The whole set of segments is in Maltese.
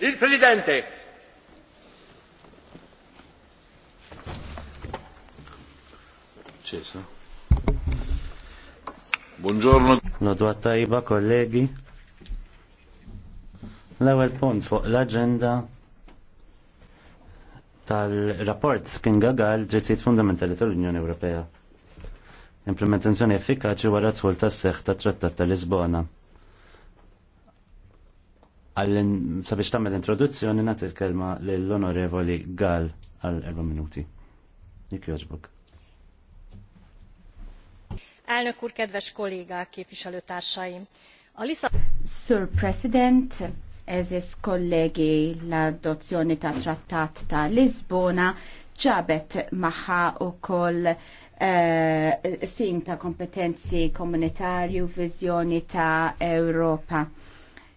Il Presidente. Buongiorno. Nodwa tajba, kollegi. L-ewwel punt fuq l-aġenda tal-rapport Skinga Gal drittijiet fundamentali tal-Unjoni Ewropea implementazzjoni effikaċi wara t tħul tas seħħ tat Trattat tal Lisbona għallin sabiex tagħmel introduzzjoni nagħti l-kelma lill-Onorevoli Gall għal erba' minuti. Nik joġbok. Elnök úr, kedves kollégák, képviselőtársaim! A Lisa... Sir President, eżis kollegi l-adozzjoni ta' trattat ta' Lisbona ġabet maħħa u koll uh, ta' kompetenzi komunitarju, vizjoni ta' Europa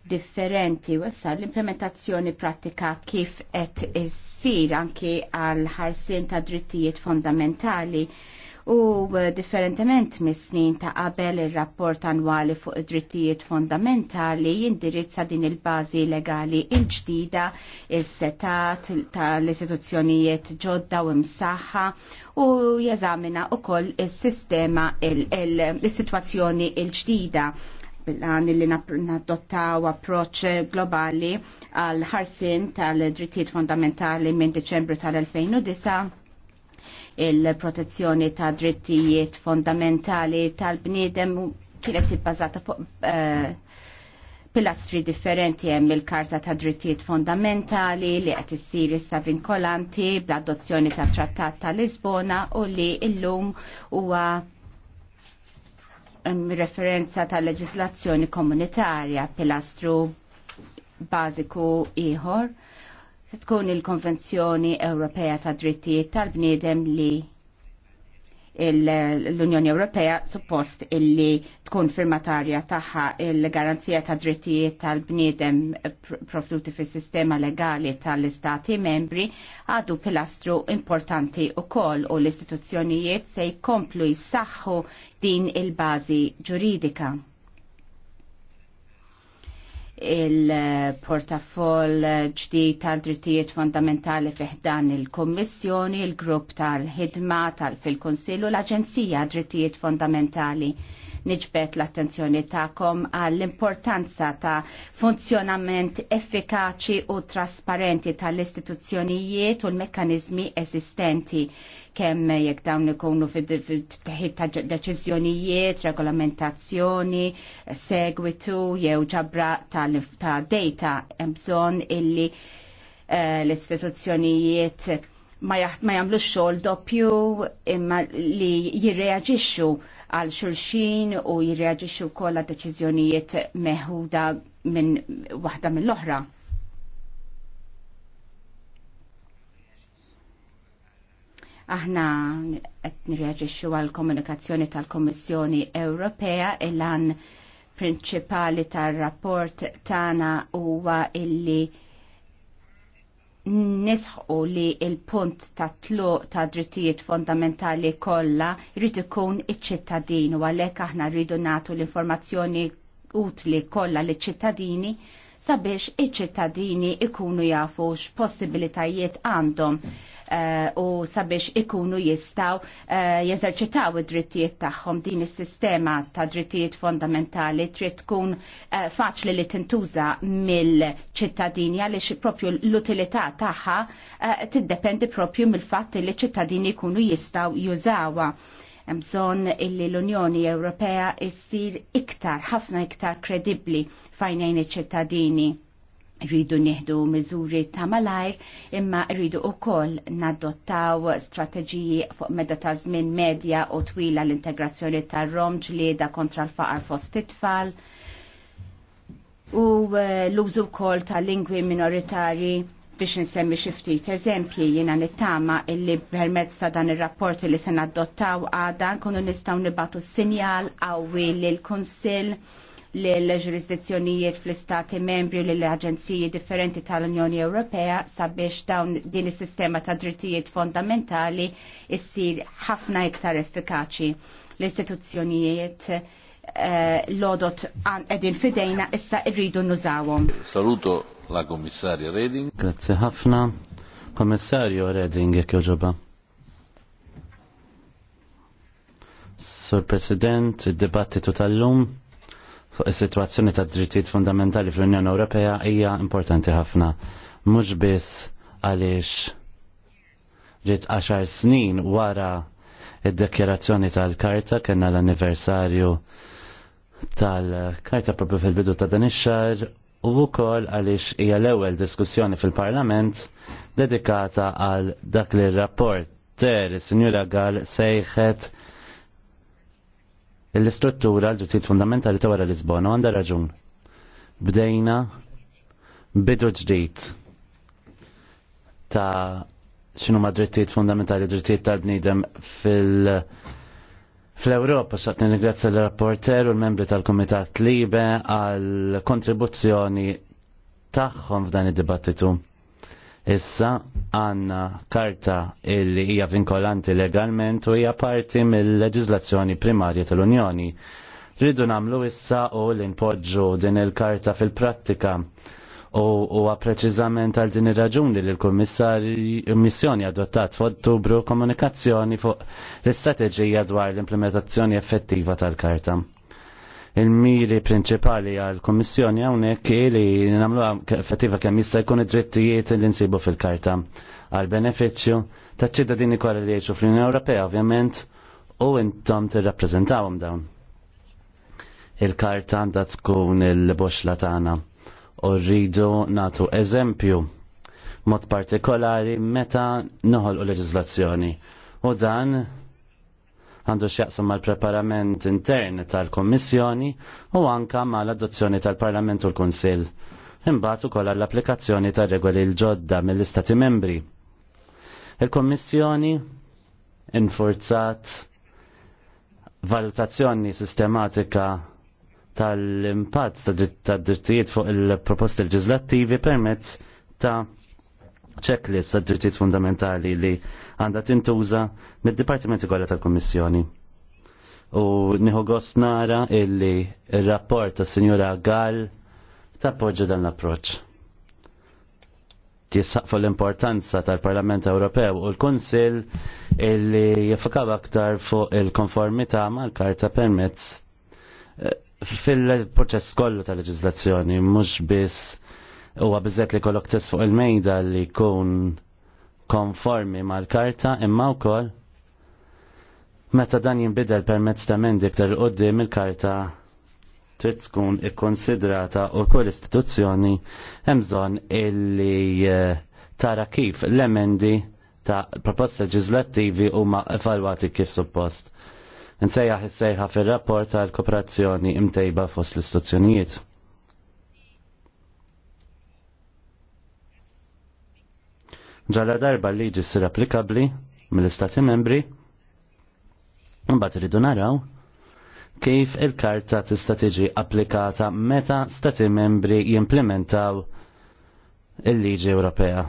differenti u issa l-implementazzjoni pratika kif qed issir anki għal ħarsin ta' drittijiet fondamentali u differentement mis-snin ta' qabel ir-rapport annwali fuq id-drittijiet fondamentali jindirizza din il-bażi legali il-ġdida is-setat il bażi legali il ġdida is setat tal istituzzjonijiet ġodda u msaħħa u jeżamina ukoll is-sistema il-sitwazzjoni il sitwazzjoni l il ġdida bil-għan li nadottaw approċ globali għal ħarsin tal-drittijiet fondamentali minn Deċembru tal-2009 il-protezzjoni ta' drittijiet fondamentali tal-bniedem kienet ibbażata fuq eh, pilastri differenti hemm il-Karta ta' Drittijiet Fondamentali li qed issir issa vinkolanti bl-adozzjoni ta' Trattat ta' Lisbona u li llum huwa referenza tal leġislazzjoni komunitarja pilastru bażiku ieħor se tkun il-Konvenzjoni Ewropea ta' Drittijiet tal-Bniedem li l-Unjoni Ewropea suppost illi tkun firmatarja taħħa il-garanzija ta' drittijiet tal-bniedem profduti fis sistema legali tal-istati membri għadu pilastru importanti u koll u l-istituzzjonijiet se jkomplu jissaxħu din il-bazi ġuridika il-portafoll ġdid tal-drittijiet fondamentali fiħdan il-Kommissjoni, il-Grupp tal-ħidma tal-fil-Konsillu, l-Aġenzija drittijiet fondamentali niġbet l-attenzjoni ta'kom għall-importanza ta' funzjonament effikaċi u trasparenti tal-istituzzjonijiet u l-mekkanizmi eżistenti kemm jekk dawn ikunu fid-teħid ta' deċiżjonijiet, regolamentazzjoni, segwitu jew ġabra ta' data hemm bżonn illi eh, l-istituzzjonijiet ma jagħmlux xogħol doppju imma li jirreaġixxu għal xulxin u jirreagġixxu wkoll kolla deċiżjonijiet meħuda minn waħda mill-oħra. aħna qed nirreġixxu għal komunikazzjoni tal komissjoni Ewropea il-għan prinċipali tar-rapport tagħna huwa illi nisħu li il-punt ta' tlu ta' drittijiet fondamentali kollha jrid ikun iċ-ċittadin u għalhekk aħna rridu nagħtu l-informazzjoni utli kollha liċ-ċittadini sabiex iċ-ċittadini ikunu jafu x'possibilitajiet għandhom Eh, u sabiex ikunu jistaw eh, jeżerċitaw id-drittijiet tagħhom din is-sistema ta' drittijiet fondamentali trid tkun eh, faċli li tintuża mill-ċittadini għaliex propju l-utilità tagħha tiddependi propju mill-fatt li ċittadini jkunu jistaw jużawha bżonn illi l-Unjoni Ewropea issir iktar, ħafna iktar kredibbli fajnejn iċ-ċittadini rridu nieħdu miżuri ta' malajr imma rridu wkoll nadottaw strateġiji fuq meda ta' żmien medja u twila l-integrazzjoni tar-rom ġlieda kontra l-faqar fost it-tfal u eh, l-użu wkoll ta' lingwi minoritarji biex nsemmi xi ftit eżempji jiena nittama illi permezz ta' dan ir-rapport li se nadottaw għada nkunu nistgħu nibatu sinjal qawwi lill-Kunsill l-ġurisdizzjonijiet fl-istati membri u l-aġenziji differenti tal-Unjoni Ewropea sabiex dawn din is-sistema ta' drittijiet fondamentali issir ħafna iktar effikaċi. L-istituzzjonijiet eh, l-odot għedin fidejna issa irridu nużawhom. Saluto la Kommissarja Reding. Grazzi ħafna. Kommissarju Reding, jek joġoba. Sur President, id debattitu tal-lum fuq is-sitwazzjoni ta' drittijiet fundamentali fl-Unjoni Ewropea hija importanti ħafna. Mhux biss għaliex ġiet 10 snin wara id-dekjerazzjoni tal-karta kena l-anniversarju tal-karta proprju fil-bidu ta' dan ix-xahar u wkoll għaliex hija l-ewwel diskussjoni fil-Parlament dedikata għal dak li rapport ter is-Sinjura Gall sejħet l-istruttura l-ġutit fundamentali ta' wara Lisbona għandha raġun. Bdejna bidu ġdid ta' xinu ma' drittijiet fundamentali, drittijiet tal-bnidem fil- Fl-Europa xaqt ningrazzja l-rapporter u l-membri tal-Komitat Libe għal kontribuzzjoni tagħhom f'dan id-dibattitu. Issa għanna karta illi hija vinkolanti legalment u hija parti mill-leġiżlazzjoni primarja tal-Unjoni. Rridu namlu issa u l-inpoġġu din il-karta fil-prattika u huwa preċiżament għal din ir-raġuni li l-Kummissjoni adottat f'Ottubru komunikazzjoni fuq l-istrateġija dwar l-implementazzjoni effettiva tal-karta il-miri prinċipali għal-Kommissjoni hawnhekk li namlu effettiva kemm jista' jkun id-drittijiet li nsibu fil-karta għal-benefiċċju taċ-ċittadini kollha li jgħixu fl-Unjoni Ewropea ovvjament u intom tirrappreżentawhom dawn. Il-karta għandha tkun il-boxla tagħna u rridu nagħtu eżempju mod partikolari meta noħolqu leġizlazzjoni. u dan għandu x'jaqsam mal-preparament intern tal-Kommissjoni u anka mal-adozzjoni tal-Parlament u l-Kunsill. Imbagħad ukoll l-applikazzjoni tar-regoli l-ġodda mill-Istati Membri. Il-Kommissjoni infurzat valutazzjoni sistematika tal-impatt ta' drittijiet fuq il-proposti l-ġizlattivi permezz ta' checklist ta' drittijiet fundamentali li għandha tintuża mid-Dipartimenti kollha tal-Kummissjoni. U nieħu gost nara illi ir-rapport tas-Sinjura Gall tappoġġa dan l-approċċ. Jissaqfu l-importanza tal-Parlament Ewropew u l-Kunsill illi jiffakaw aktar fuq il-konformità mal-karta permezz eh, fil-proċess kollu tal-leġizlazzjoni, mhux biss huwa għabizet li kollok test fuq il-mejda li jkun konformi mal-karta imma wkoll meta dan jinbidel permezz ta' mendi iktar qudiem il-karta trid tkun ikkonsidrata u kull istituzzjoni hemm bżonn illi eh, tara kif l-emendi ta' proposta leġislattivi huma evalwati kif suppost. Nsejjaħ is-sejħa fir-rapport tal koperazzjoni imtejba fost l-istituzzjonijiet. ġala darba li liġi sir applikabli mill-Istati membri, mbagħad iridu naraw kif il-karta tista' tiġi applikata meta stati membri jimplementaw il-liġi Ewropea.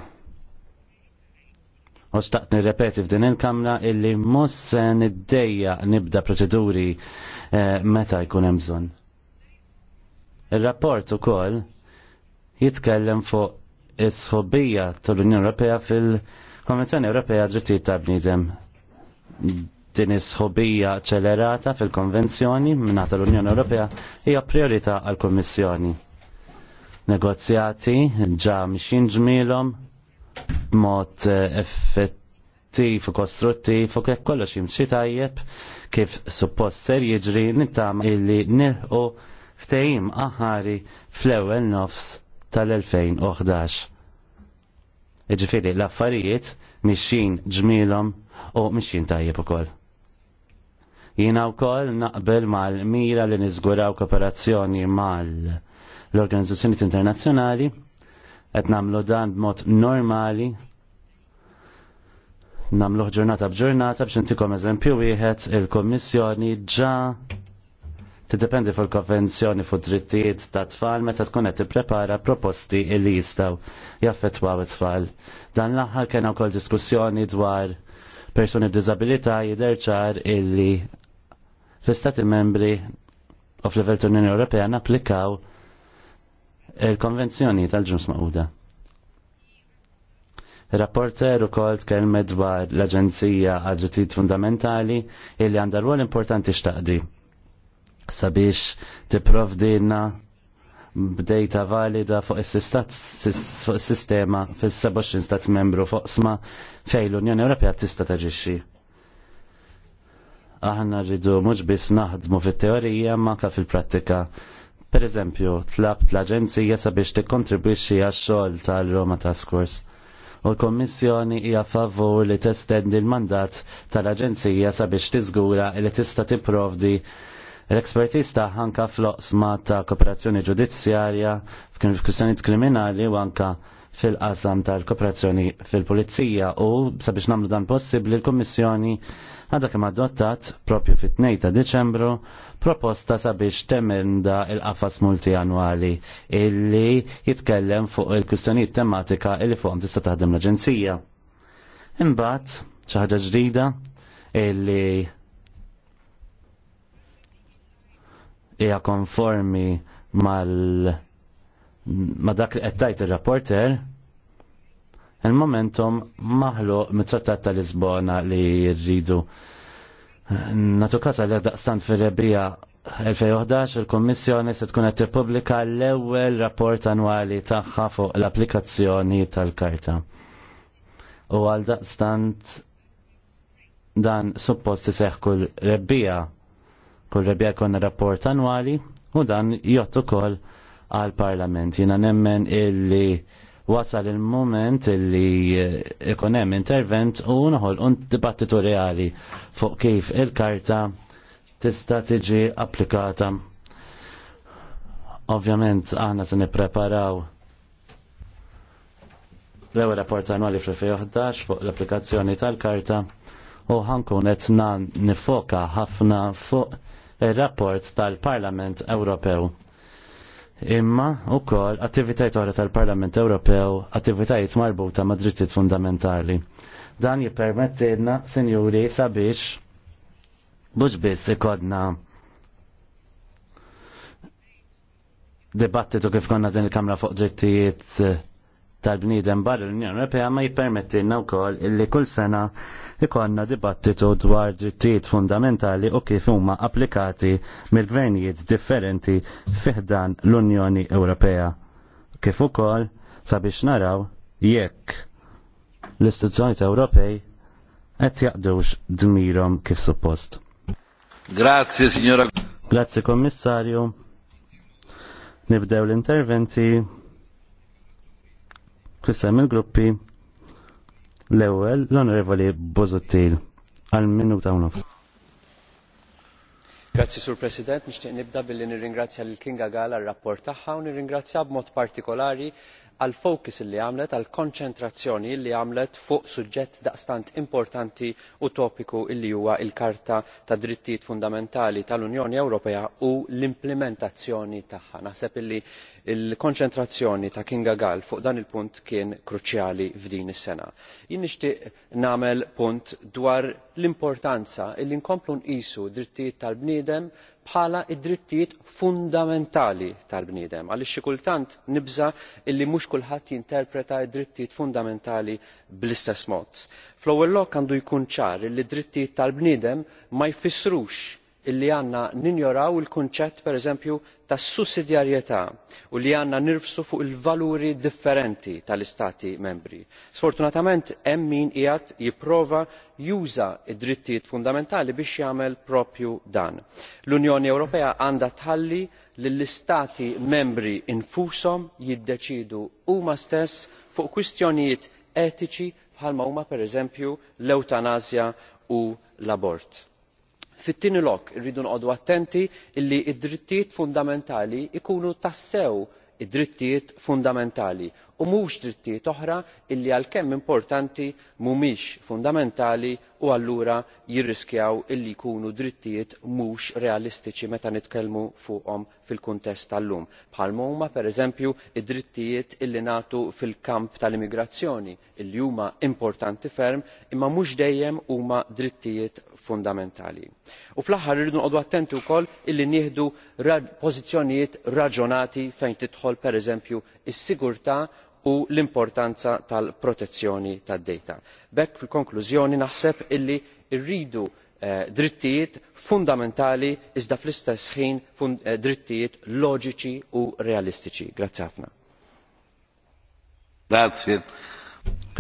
U xtaqt nirrepeti f'din il-kamra illi mhux se niddejja nibda proċeduri eh, meta jkun hemm bżonn. Ir-rapport ukoll jitkellem fuq is-sħobija tal-Unjoni Ewropea fil-Konvenzjoni Ewropea drittijiet ta' bniedem. Din is-sħobija ċelerata fil-Konvenzjoni minna tal-Unjoni Ewropea hija priorità għall-Kummissjoni. Negozjati ġa mxin ġmilom b'mod eh, effettiv u kostruttiv u kif kollox jimxi tajjeb kif suppost ser jiġri nittama illi nilħu ftehim aħari fl-ewwel nofs tal-2011. Iġifiri, l-affarijiet mixin ġmilom u mixin tajjeb ukoll. Jina wkoll naqbel mal-mira li niżguraw kooperazzjoni mal l internazzjonali qed nagħmlu dan b'mod normali namluħ ġurnata b'ġurnata biex intikom eżempju wieħed il-Kommissjoni ġa Tiddependi fuq konvenzjoni fuq drittijiet ta' tfal meta tkun qed tipprepara proposti li jistgħu jaffettwaw it-tfal. Dan l-aħħar kien ukoll diskussjoni dwar persuni b'diżabilità jidher ċar illi fl-Istati membri u fl-livell tal-Unjoni Ewropea napplikaw il-konvenzjoni tal ġus maquda. Rapporter u kolt tkelmet dwar l-Aġenzija għal Drittijiet Fundamentali illi għandha rwol importanti x'taqdi sabiex tipprovdina b'dejta valida fuq is-sistema fis-27 stat membru fuq sma fejn l-Unjoni Ewropea tista' taġixxi. Aħna rridu mhux biss naħdmu fit-teorija ma ka fil-prattika. Per eżempju, tlabt l-Aġenzija sabiex tikkontribwixxi għax-xogħol tal-Roma Task Force. U l-Kommissjoni hija favur li testendi l-mandat tal-Aġenzija sabiex tiżgura li tista' tipprovdi L-ekspertiz ta' anka fl-oqsma ta' kooperazzjoni ġudizzjarja f'kwistjonijiet kriminali u anka fil-qasam tal-kooperazzjoni fil-pulizija u sabiex namlu dan possibli l-Kommissjoni għadha kemm adottat propju fit-2 ta' Deċembru proposta sabiex temenda il-qafas multianwali illi jitkellem fuq il-kwistjonijiet tematika illi fuqhom tista' taħdem l-Aġenzija. Imbagħad xi ħaġa ġdida illi hija konformi mal ma dak li qed ir-rapporter, il-momentum maħlu mit-trattat ta' Lisbona li rridu. Natu kasa li daqstant fil-rebija 2011 il-Kommissjoni se tkun qed tippubblika l-ewwel rapport annwali tagħha fuq l-applikazzjoni tal-karta. U għal daqstant dan suppost iseħħ kull rebbija Kull rebja jkollna rapport annwali u dan jott ukoll għal parlament. Jina nemmen illi wasal il-moment illi eh, ikun hemm intervent u noħol un dibattitu reali fuq kif il-karta tista' tiġi applikata. Ovvjament aħna se nippreparaw l-ewwel rapport annwali fl-2011 fuq l-applikazzjoni tal-karta u ħankun qed nifoka ħafna fuq il-rapport tal-Parlament Ewropew. Imma u kol attivitajt oħra tal-Parlament Ewropew, attivitajt marbuta ma' drittijiet fundamentali. Dan jippermettilna, sinjuri, sabiex mhux biss ikodna dibattitu kif konna din il-Kamra fuq drittijiet tal-bniedem barra l-Unjoni Ewropea ma jippermettilna wkoll illi kull sena ikonna dibattitu dwar drittijiet fundamentali u kif huma applikati mill-gvernijiet differenti fiħdan l-Unjoni Ewropea. Kif ukoll sabiex naraw jekk l-istituzzjonijiet Ewropej qed jaqdux dmirhom kif suppost. Grazie, signora. Grazie, kommissarju. Nibdew l-interventi. Kissem il-gruppi l ewel l-Onorevoli Bozottil għal minuta u nofs. Grazie, Sur President, nixtieq nibda billi nirringrazzja lil Kinga Gala r-rapport tagħha u nirringrazzja b'mod partikolari għall focus li għamlet għall konċentrazzjoni li għamlet fuq suġġett daqstant importanti u topiku li huwa l karta tad drittijiet fundamentali tal unjoni ewropea u l-implementazzjoni tagħha. naħseb illi l konċentrazzjoni ta' kinga Gall fuq dan il punt kien kruċjali f'din is-sena. jien nixtieq nagħmel punt dwar l-importanza li nkomplu nqisu d drittijiet tal bniedem bħala id drittijiet fundamentali tal-bniedem għaliex xi kultant nibża' mux mhux kulħadd jinterpreta d-drittijiet fundamentali bl-istess mod. fl-ewwel lok għandu jkun ċar li d-drittijiet tal-bniedem ma jfissrux illi għandna ninjoraw il-kunċett pereżempju tas sussidjarjetà u li għandna nirfsu fuq il-valuri differenti tal-istati membri. sfortunatament hemm min qiegħed jipprova juża d-drittijiet fundamentali biex jagħmel proprju dan. l-unjoni ewropea għandha tħalli l istati membri infushom jiddeċiedu huma stess fuq kwistjonijiet etiċi bħalma huma pereżempju l eutanasja u l abort fit-tieni lok irridu noqogħdu attenti illi d drittijiet fundamentali jkunu tassew id drittijiet fundamentali u mhux drittijiet oħra li għalkemm importanti mhumiex fundamentali u allura jirriskjaw li jkunu drittijiet mhux realistiċi meta nitkellmu fuqhom fil kuntest tal lum bħalma huma pereżempju d drittijiet li ngħatu fil kamp tal immigrazzjoni li huma importanti ferm imma mhux dejjem huma drittijiet fundamentali. u fl aħħar irridu noqogħdu attenti wkoll illi nieħdu pożizzjonijiet raġunati fejn tidħol pereżempju s sigurtà u l-importanza tal protezzjoni tad dejta. b'hekk fil-konklużjoni naħseb illi rridu eh, drittijiet fundamentali iżda fl-istess ħin eh, drittijiet loġiċi u realistiċi. Grazzi ħafna. Grazie.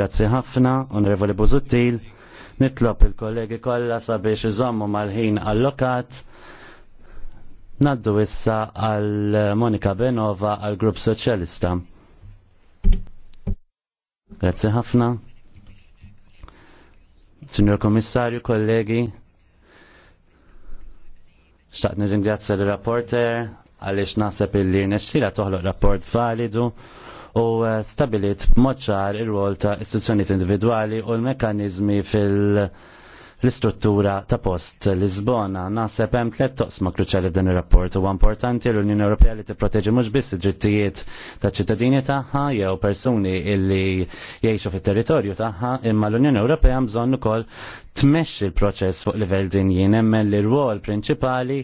Grazzi ħafna, Onorevoli Busuttil. Nitlob il-kollegi kollha sabiex iżommu mal-ħin allokat. Naddu issa għal Monika Benova għal Grupp Soċjalista. Grazzi ħafna. Signor Komissarju, kollegi, xtaqt nirringrazzja l-rapporter għaliex naħseb illi nexxila toħloq rapport validu u eh, stabilit b'mod ċar ir-rol ta' istituzzjonijiet individwali u l-mekkaniżmi fil- l-istruttura ta' post Lisbona. Naħseb hemm tliet toqsma kruċali f'dan ir-rapport huwa importanti l-Unjoni Ewropea li tipproteġi mhux biss id-drittijiet ta' ċittadini tagħha jew persuni illi jgħixu fit-territorju tagħha, imma l-Unjoni Ewropea bżonn ukoll tmexxi l-proċess fuq livell jien, emmen li rwol prinċipali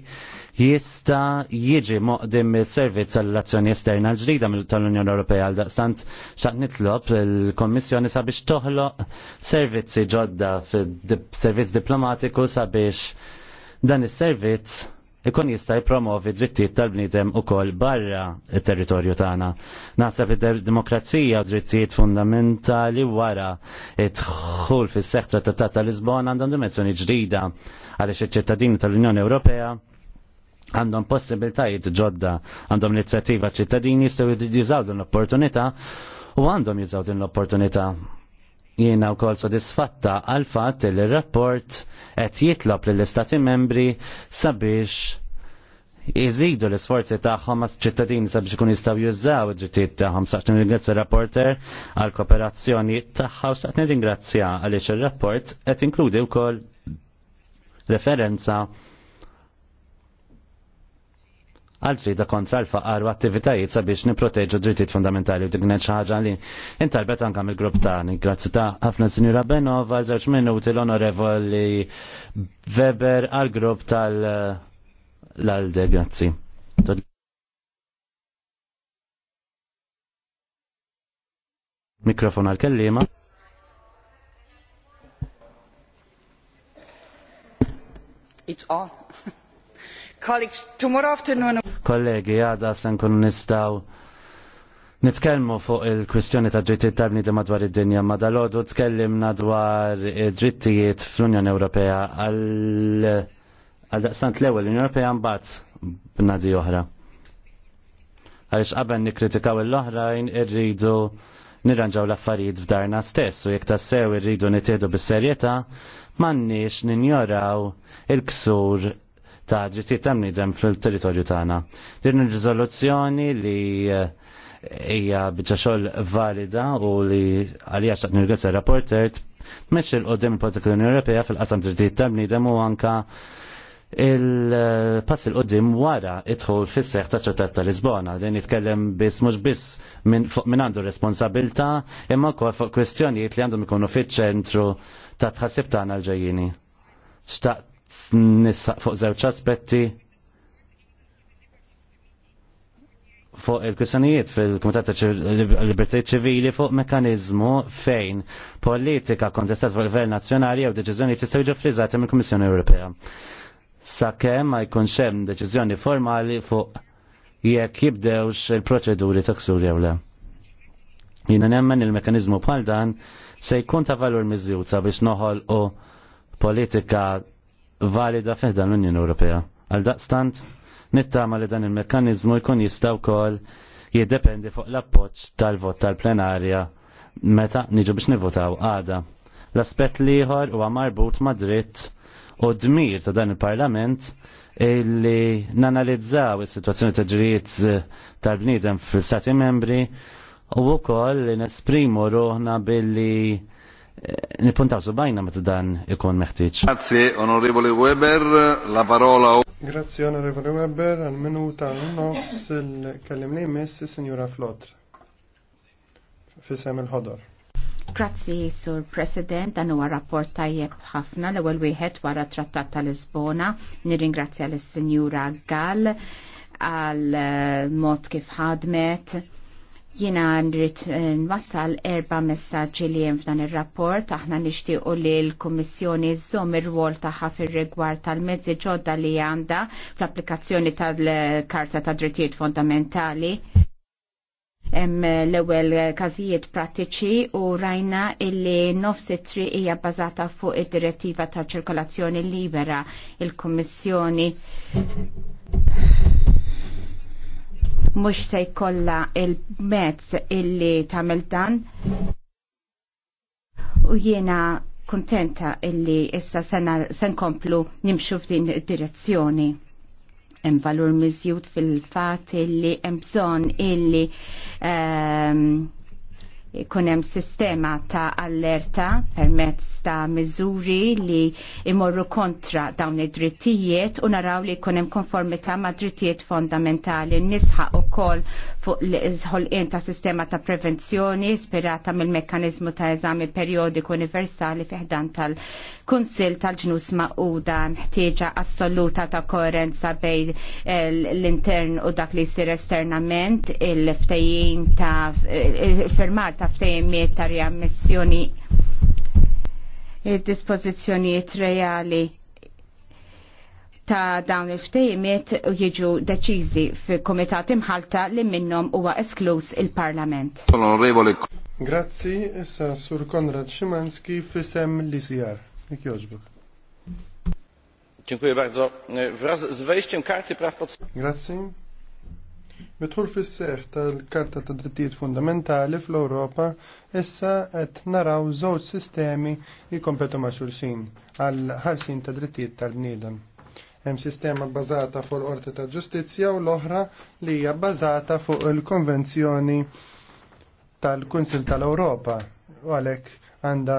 jista jiġi moqdim il-servizz għall-azzjoni esterna l-ġdida tal-Unjoni Ewropea għal daqstant xaq nitlob il-Kommissjoni sabiex toħloq servizzi ġodda fil-servizz diplomatiku sabiex dan is-servizz ikun jista' jippromovi drittijiet tal-bniedem ukoll barra it-territorju tagħna. Naħseb id-demokrazija u drittijiet fundamentali wara id-dħul fis-seħtra tat-tat tal-Lisbona għandhom dimensjoni ġdida għaliex iċ-ċittadini tal-Unjoni Ewropea għandhom possibiltajiet ġodda, għandhom l inizjattiva ċittadini jistgħu jużaw din l-opportunità u għandhom jużaw din l-opportunità jiena u kol sodisfatta għal fatt li rapport qed jitlob lill istati membri sabiex jizidu l-isforzi tagħhom għas ċittadini sabiex ikun jistgħu jużaw id-drittijiet tagħhom saqt nirringrazzja rapporter għal kooperazzjoni tagħha u nirringrazzja għaliex ir-rapport qed inkludi wkoll referenza għal ġrida kontra l-faqar u attivitajiet sabiex niproteġu drittijiet fundamentali u dignet xaħġa li intalbet anka mill grupp tani. Grazzi ta' ħafna sinjura Benova, żewġ minuti l-onorevoli Weber għal grupp tal-Alde, grazzi. Mikrofon għal-kellima. It's on. Colleagues, tomorrow afternoon... Kollegi, għada sen kun nistaw Nitkellmu fuq il-kwistjoni ta' drittijiet tabni di madwar id-dinja, ma dal-ħodu tkellimna dwar id-drittijiet fl-Unjoni Ewropea għal daqsant l-ewwel l-Unjoni Ewropea mbagħad b'nadi oħra. Għaliex qabel nikkritikaw l-oħrajn irridu nirranġaw l-affarijiet f'darna stess u jekk tassew irridu nitiedu bis-serjetà m'għandniex ninjoraw il-ksur ta' drittijiet ta' bniedem fil-territorju tagħna. Din ir-riżoluzzjoni li eh, hija biċċa xogħol valida u li għalija l nirgazza rapporter tmexxi il qudiem il-Politika l-Unjoni Ewropea fil-qasam drittijiet ta' bniedem u anka il-pass il-qoddim wara idħol fis seħħ ta' ċertat ta' Lisbona, li nitkellem biss mhux biss minn għandu responsabilta imma wkoll fuq kwestjonijiet li għandhom ikunu fiċ-ċentru ta' tħassib tagħna l-ġejjini. Xtaqt nissaq fuq żewġ aspetti fuq il-kwissjonijiet fil-Kumitat Libertajiet Ċivili fuq mekanizmu fejn politika kontestat fuq livell nazzjonali jew deċiżjoni tista' jiġu friżati mill-Kummissjoni Ewropea. Sakemm ma jkunx hemm deċiżjoni formali fuq jekk jibdewx il-proċeduri ta' ksur jew le. Jiena nemmen il-mekanizmu bħal dan se jkun ta' valur miżjuta biex noħolqu politika valida feħda l-Unjoni Ewropea. Għal daqstant, nittama li dan il-mekkanizmu jkun jistaw kol jiddependi fuq l-appoċ tal-vot tal-plenarja meta niġu biex nivotaw għada. L-aspet liħor huwa marbut ma' dritt u dmir ta' dan il-Parlament illi nanalizzaw is-sitwazzjoni ta' ġrijiet tal-bniedem fil-Stati membri u wkoll nesprimu ruħna billi nipuntaw subajna meta dan ikon meħtieġ. Grazie, onorevole Weber, la parola. Grazie, onorevole Weber, għal minuta nofs il-kellim li jmiss signora Flotr. Fisem il-ħodor. Grazie, Sur President, dan huwa rapport tajjeb ħafna l-ewwel wieħed wara trattat ta' Lisbona. Nirringrazzja l sinjura Gall għal eh, mod kif ħadmet Jina nrid eh, nwassal erba messaġġi li hemm f'dan ir-rapport aħna nixtiequ li l-Kummissjoni żżomm ir-rwol tagħha fir-rigward tal-mezzi ġodda li għandha fl-applikazzjoni tal-Karta ta' Drittijiet Fondamentali hemm l-ewwel każijiet prattiċi u rajna illi nofs it-triq hija bbażata fuq id-direttiva ta' ċirkolazzjoni libera il-Kummissjoni mhux se jkollha il-mezz illi tagħmel dan. U jiena kuntenta illi issa se nkomplu nimxu f'din id-direzzjoni hemm valur miżjud fil-fatt illi hemm bżonn illi um, kunem sistema ta' allerta permezz ta' miżuri li imorru kontra dawn id-drittijiet u naraw li kunem konformita ma' drittijiet fondamentali nisħa u kol fuq l-ħolqien ta' sistema ta' prevenzjoni ispirata mill-mekkanizmu ta' eżami periodiku universali fiħdan tal-Kunsil tal-ġnus ma'uda ħtieġa assoluta ta' koerenza bej eh, l-intern u dak li jsir esternament il-ftejjin ta' il-firmar ta' ftejjimiet ta' riammissjoni il eh, dispozizjoni reali ta' dawn il-ftejmiet jiġu deċiżi fil-Komitat imħalta li minnhom huwa esklus il-Parlament. Grazzi, issa Sur Konrad Szymanski fisem l-ICR. Jogħġbok. Dziękuję bardzo. Wraz z wejściem karty praw podstawowych. Grazie. Mitħul fis-seħ tal-Karta ta' Drittijiet Fundamentali fl-Ewropa issa qed naraw żewġ sistemi jkompetu ma' xulxin għal ħarsin ta' drittijiet tal-bniedem. Hemm sistema bbażata fuq l-Qorti ta' Ġustizzja u l-oħra li hija bbażata fuq il-Konvenzjoni tal-Kunsil tal-Ewropa u għalhekk għandha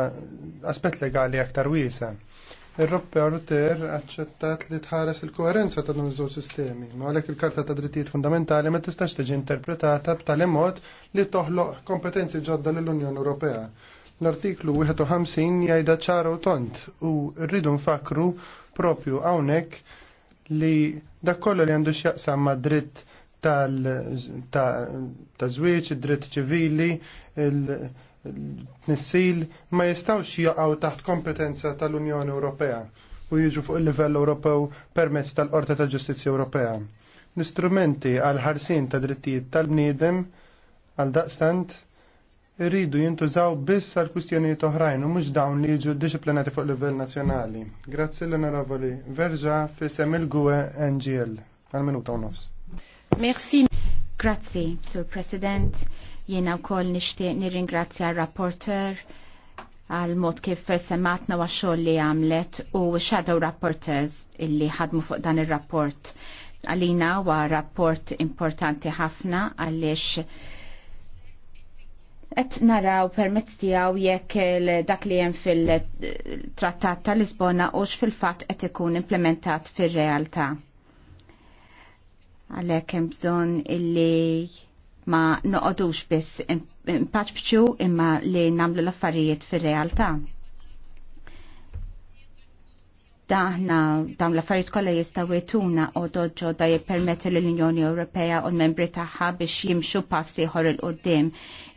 aspett legali aktar wiesa. Ir-rapporter aċċettat li tħares il-koerenza ta' dawn iż-żewġ sistemi, ma għalhekk il-Karta ta' Drittijiet Fundamentali ma tistax tiġi interpretata b'tali mod li toħloq kompetenzi ġodda lill-Unjoni Ewropea. L-artiklu 51 jgħidha ċara u tont u rridu nfakru propju hawnhekk li dakollu kollu li għandu x'jaqsam ma' dritt tal-żwieġ, id-dritt ċivili, il-nissil ma jistawx jaqgħu taħt kompetenza tal-Unjoni Ewropea u jiġu fuq il-livell Ewropew permezz tal-Qorta tal-Ġustizzja Ewropea. L-istrumenti għal ħarsin ta' drittijiet tal-bniedem għal daqstant rridu jintużaw biss għal kustjonijiet oħrajn u mhux dawn li jiġu disciplinati fuq livell nazzjonali. Grazzi l-Onorevoli Verġa fisem il-GUE NGL. Għal minuta u nofs. Merci. Grazzi, Sur President. Jiena wkoll nixtieq nirringrazzja r-rapporter għal mod kif semmatna wa xogħol li għamlet u shadow rapporters illi ħadmu fuq dan ir-rapport. Għalina wa rapport importanti ħafna għaliex Et naraw permezz tiegħu jekk dak li hemm fil-trattat ta' Lisbona u fil-fatt qed ikun implementat fir-realtà. Għalhekk hemm bżonn illi ma noqodux biss impaċċu imma li nagħmlu l-affarijiet fir-realtà daħna dawn l-affarijiet kollha jistgħu jtuna u da jippermetti l-Unjoni Ewropea u l-membri tagħha biex jimxu passi ieħor il qudiem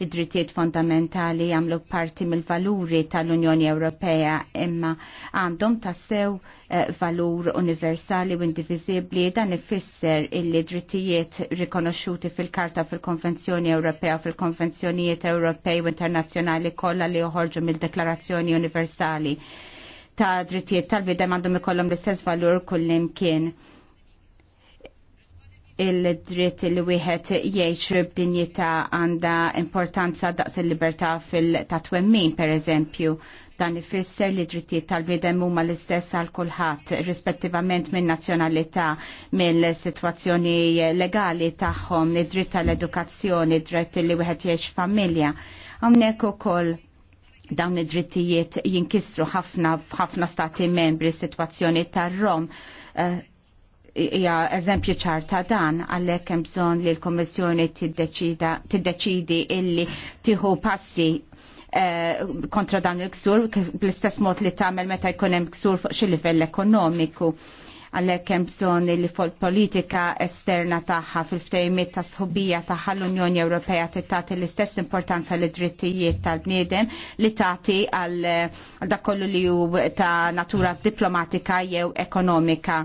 id-drittijiet fondamentali jagħmlu parti mill-valuri tal-Unjoni Ewropea imma għandhom tassew eh, valur universali u indiviżibbli dan ifisser illi drittijiet rikonoxxuti fil-Karta fil-Konvenzjoni Ewropea fil-Konvenzjonijiet Ewropej u Internazzjonali kollha li joħorġu mill-Deklarazzjoni Universali ta' drittijiet tal-bidem għandhom ikollhom l-istess valur kullimkien il-dritt li wieħed jgħix b'dinjità għandha importanza daqs il-libertà fil-tatwemmin, per eżempju, dan ifisser li drittijiet tal-bidem huma l-istess għal kulħadd, rispettivament minn nazzjonalità, minn sitwazzjoni legali tagħhom, id-dritt tal-edukazzjoni, id-dritt li wieħed jgħix familja. Hawnhekk ukoll dawn id-drittijiet jinkissru ħafna f'ħafna stati membri situazzjoni tar-Rom eh, hija uh, eżempju ċar ta' dan għalhekk hemm bżonn li l kummissjoni tiddeċidi illi tieħu passi eh, kontra dan il-ksur bl-istess mod li tagħmel meta jkun hemm ksur fuq xi livell ekonomiku għalhekk hemm bżonn li politika esterna tagħha fil-ftejmiet ta' sħubija tagħha l-Unjoni Ewropea tagħti l-istess importanza li drittijiet tal-bniedem li tagħti għal dakollu li hu ta' natura diplomatika jew ekonomika.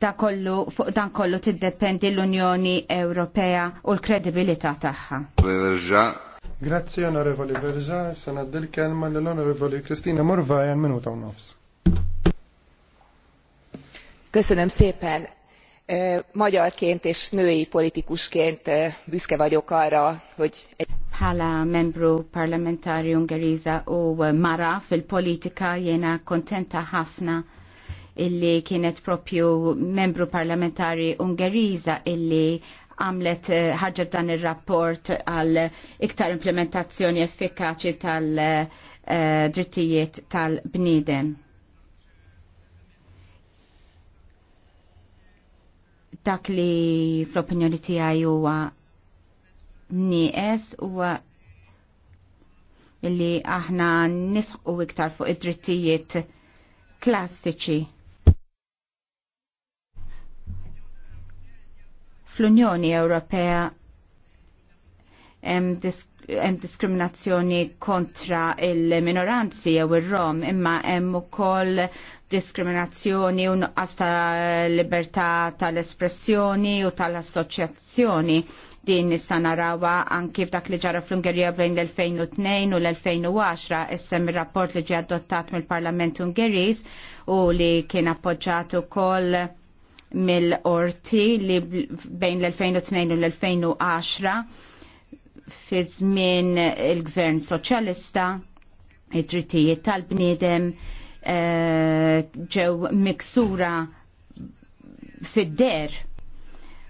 Da kollu, fuq dan kollu tiddependi l-Unjoni Ewropea u l-kredibilità tagħha. Grazie onorevoli Verza, sanad del kelma l-onorevoli Kristina Morvajan minuta e u Köszönöm szépen. Eh, magyarként és női politikusként eh, büszke vagyok arra, hogy... Hala membru parlamentari Ungeriza u mara fil-politika jena kontenta ħafna illi kienet propju membru parlamentari Ungeriza illi għamlet eh, ħarġet dan il-rapport għal iktar implementazzjoni effikaċi tal-drittijiet eh, tal-bnidem. Dak li fl-opinjoni tiegħi huwa nieqes huwa li aħna nisħu iktar fuq id-drittijiet klassiċi fl-Unjoni Ewropea hemm diskriminazzjoni kontra il-minoranzi jew ir-Rom, imma hemm ukoll diskriminazzjoni u nuqqas ta' libertà tal-espressjoni u tal-assoċjazzjoni din nista' narawha anki f'dak li ġara fl-Ungerija bejn l-2002 u l-2010 issem ir-rapport li ġie adottat mill-Parlament Ungeriż u li kien appoġġjat ukoll mill-orti li bejn l-2002 u l-2010 fi żmien il-gvern soċjalista it-trittijiet tal-bniedem eh, ġew miksura fid-der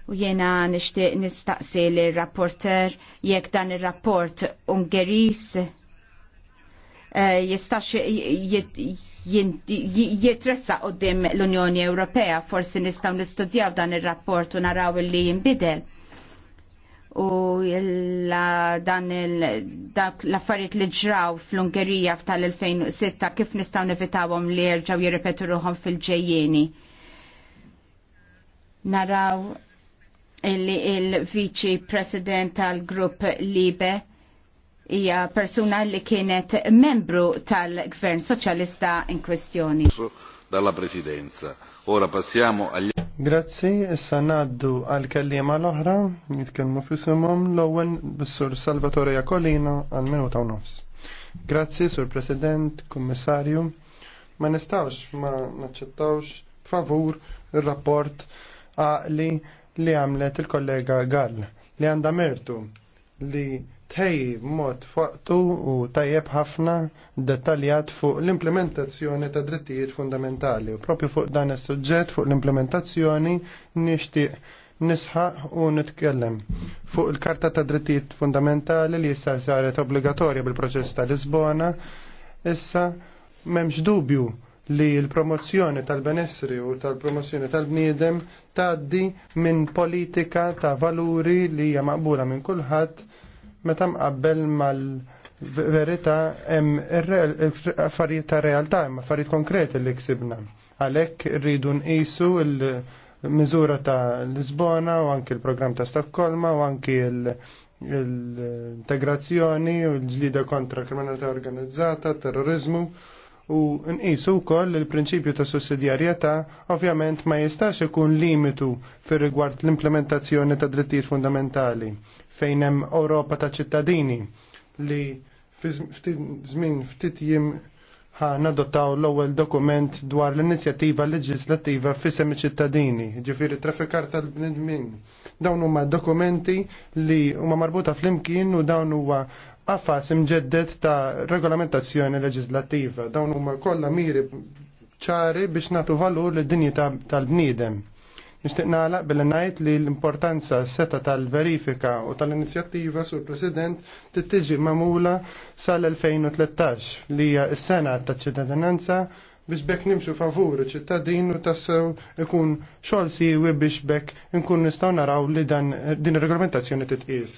u jena nishtiq nistaqsi li rapporter jekk dan il-rapport Ungeris eh, jistax jitressa qoddim l-Unjoni Ewropea, forsi nistgħu nistudjaw dan ir-rapport u naraw li jinbidel. U dan l-affarijiet li ġraw fl-Ungerija f'tal-2006 kif nistgħu nevitawhom li jerġgħu jirripetu ruhom fil-ġejjieni. Naraw il-viċi president tal-grupp Libe hija persuna li kienet membru tal-Gvern Soċjalista in kwestjoni. Dalla Presidenza. Ora passiamo agli Grazzi, issa naddu għal kellima l-oħra, jitkelmu fissimum l-ewwel bis-Sur Salvatore Jacolino għal minuta u nofs. Grazzi, Sur President, Kommissarju, Ma nistawx, ma naċċettawx favur il-rapport għaqli li għamlet il-kollega Gall li għanda mertu li Tej, mod faqtu u tajjeb ħafna dettaljat fuq l-implementazzjoni ta' drittijiet fundamentali. U propju fuq dan is-suġġett fuq l-implementazzjoni nixtieq nisħaq u nitkellem fuq il-Karta ta' Drittijiet Fundamentali li issa saret obbligatorja bil-proċess ta' Lisbona. Issa m'hemmx dubju li l-promozzjoni tal-benessri u tal-promozzjoni tal-bniedem taddi minn politika ta' valuri li hija maqbula minn kulħadd meta mqabbel mal-verità hemm affarijiet ta' realtà, hemm affarijiet konkreti li ksibna. Għalhekk rridu nqisu l-miżura ta' Lisbona u anki l-programm ta' Stokkolma u anki l-integrazzjoni u l-ġlida kontra kriminalità organizzata, terrorizmu u nqisu wkoll il-prinċipju ta' sussidjarjetà ovvjament ma jistax ikun limitu fir rigward l-implementazzjoni ta' drittijiet fundamentali fejn hemm Ewropa ta' ċittadini li żmien ftit jiem nadottaw l-ewwel dokument dwar l-inizjattiva leġislattiva fisem iċ-ċittadini, ġifieri traffikar tal-bnedmin. Dawn huma dokumenti li huma marbuta flimkien u dawn huwa qafas imġeddet ta' regolamentazzjoni leġislattiva. Dawn huma kollha miri ċari biex nagħtu valur li dinji tal-bniedem. Nixtieq nagħlaq billi ngħid li l-importanza seta tal-verifika u tal-inizjattiva sur President tittiġi magħmula sal-2013 li hija s-sena taċ ċittadinanza biex bekk nimxu favur ċittadin u tassew ikun xogħol siwi biex bekk nkun nistgħu naraw li dan din ir-regolamentazzjoni titqies.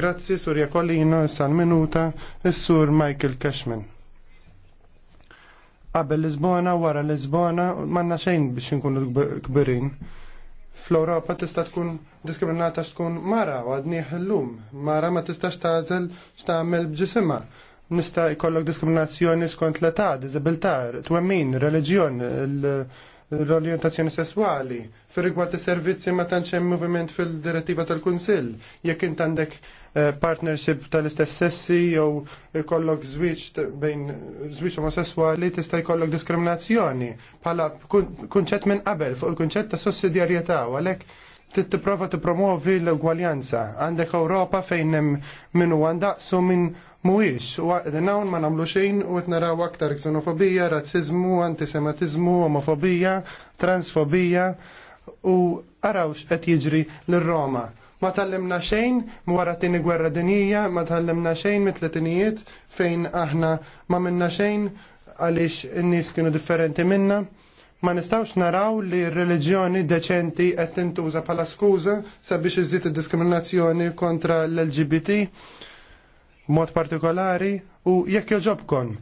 Grazzi Surja Kollina sal minuta s sur Michael Cashman. Qabel Lisbona, wara l-Izbona, manna xejn biex nkunu kbirin. Fl-Ewropa tista' tkun diskriminata tkun mara u għadni ħellum. Mara ma tistax tażel x'tagħmel b'ġisimha nista' jkollok diskriminazzjoni skont l-età, diżabilità, twemmin, reliġjon, l-orientazzjoni sessuali, fir rigward is-servizzi ma tantx hemm moviment fil-direttiva tal-Kunsill, jekk int għandek eh, partnership tal-istess sessi jew ikollok żwieġ bejn żwieġ omosessuali tista' jkollok diskriminazzjoni bħala kunċett minn qabel fuq il-kunċett ta' sussidjarjetà u għalhekk tipprova tippromovi l-ugwaljanza. Għandek Ewropa fejn hemm min huwa ndaqsu minn mhuwiex. U hawn ma nagħmlu xejn u qed naraw aktar xenofobija, razzizmu, antisemitiżmu, omofobija, transfobija u għaraw x'qed jiġri lir-Roma. Ma tallimna xejn wara tini gwerra dinija, ma tallimna xejn mit-tletinijiet fejn aħna ma minna xejn għaliex n-nies kienu differenti minna ma nistawx naraw li r-reliġjoni deċenti qed tintuża bħala skuża sabiex iżid id-diskriminazzjoni kontra l-LGBT mod partikolari u jekk joġobkom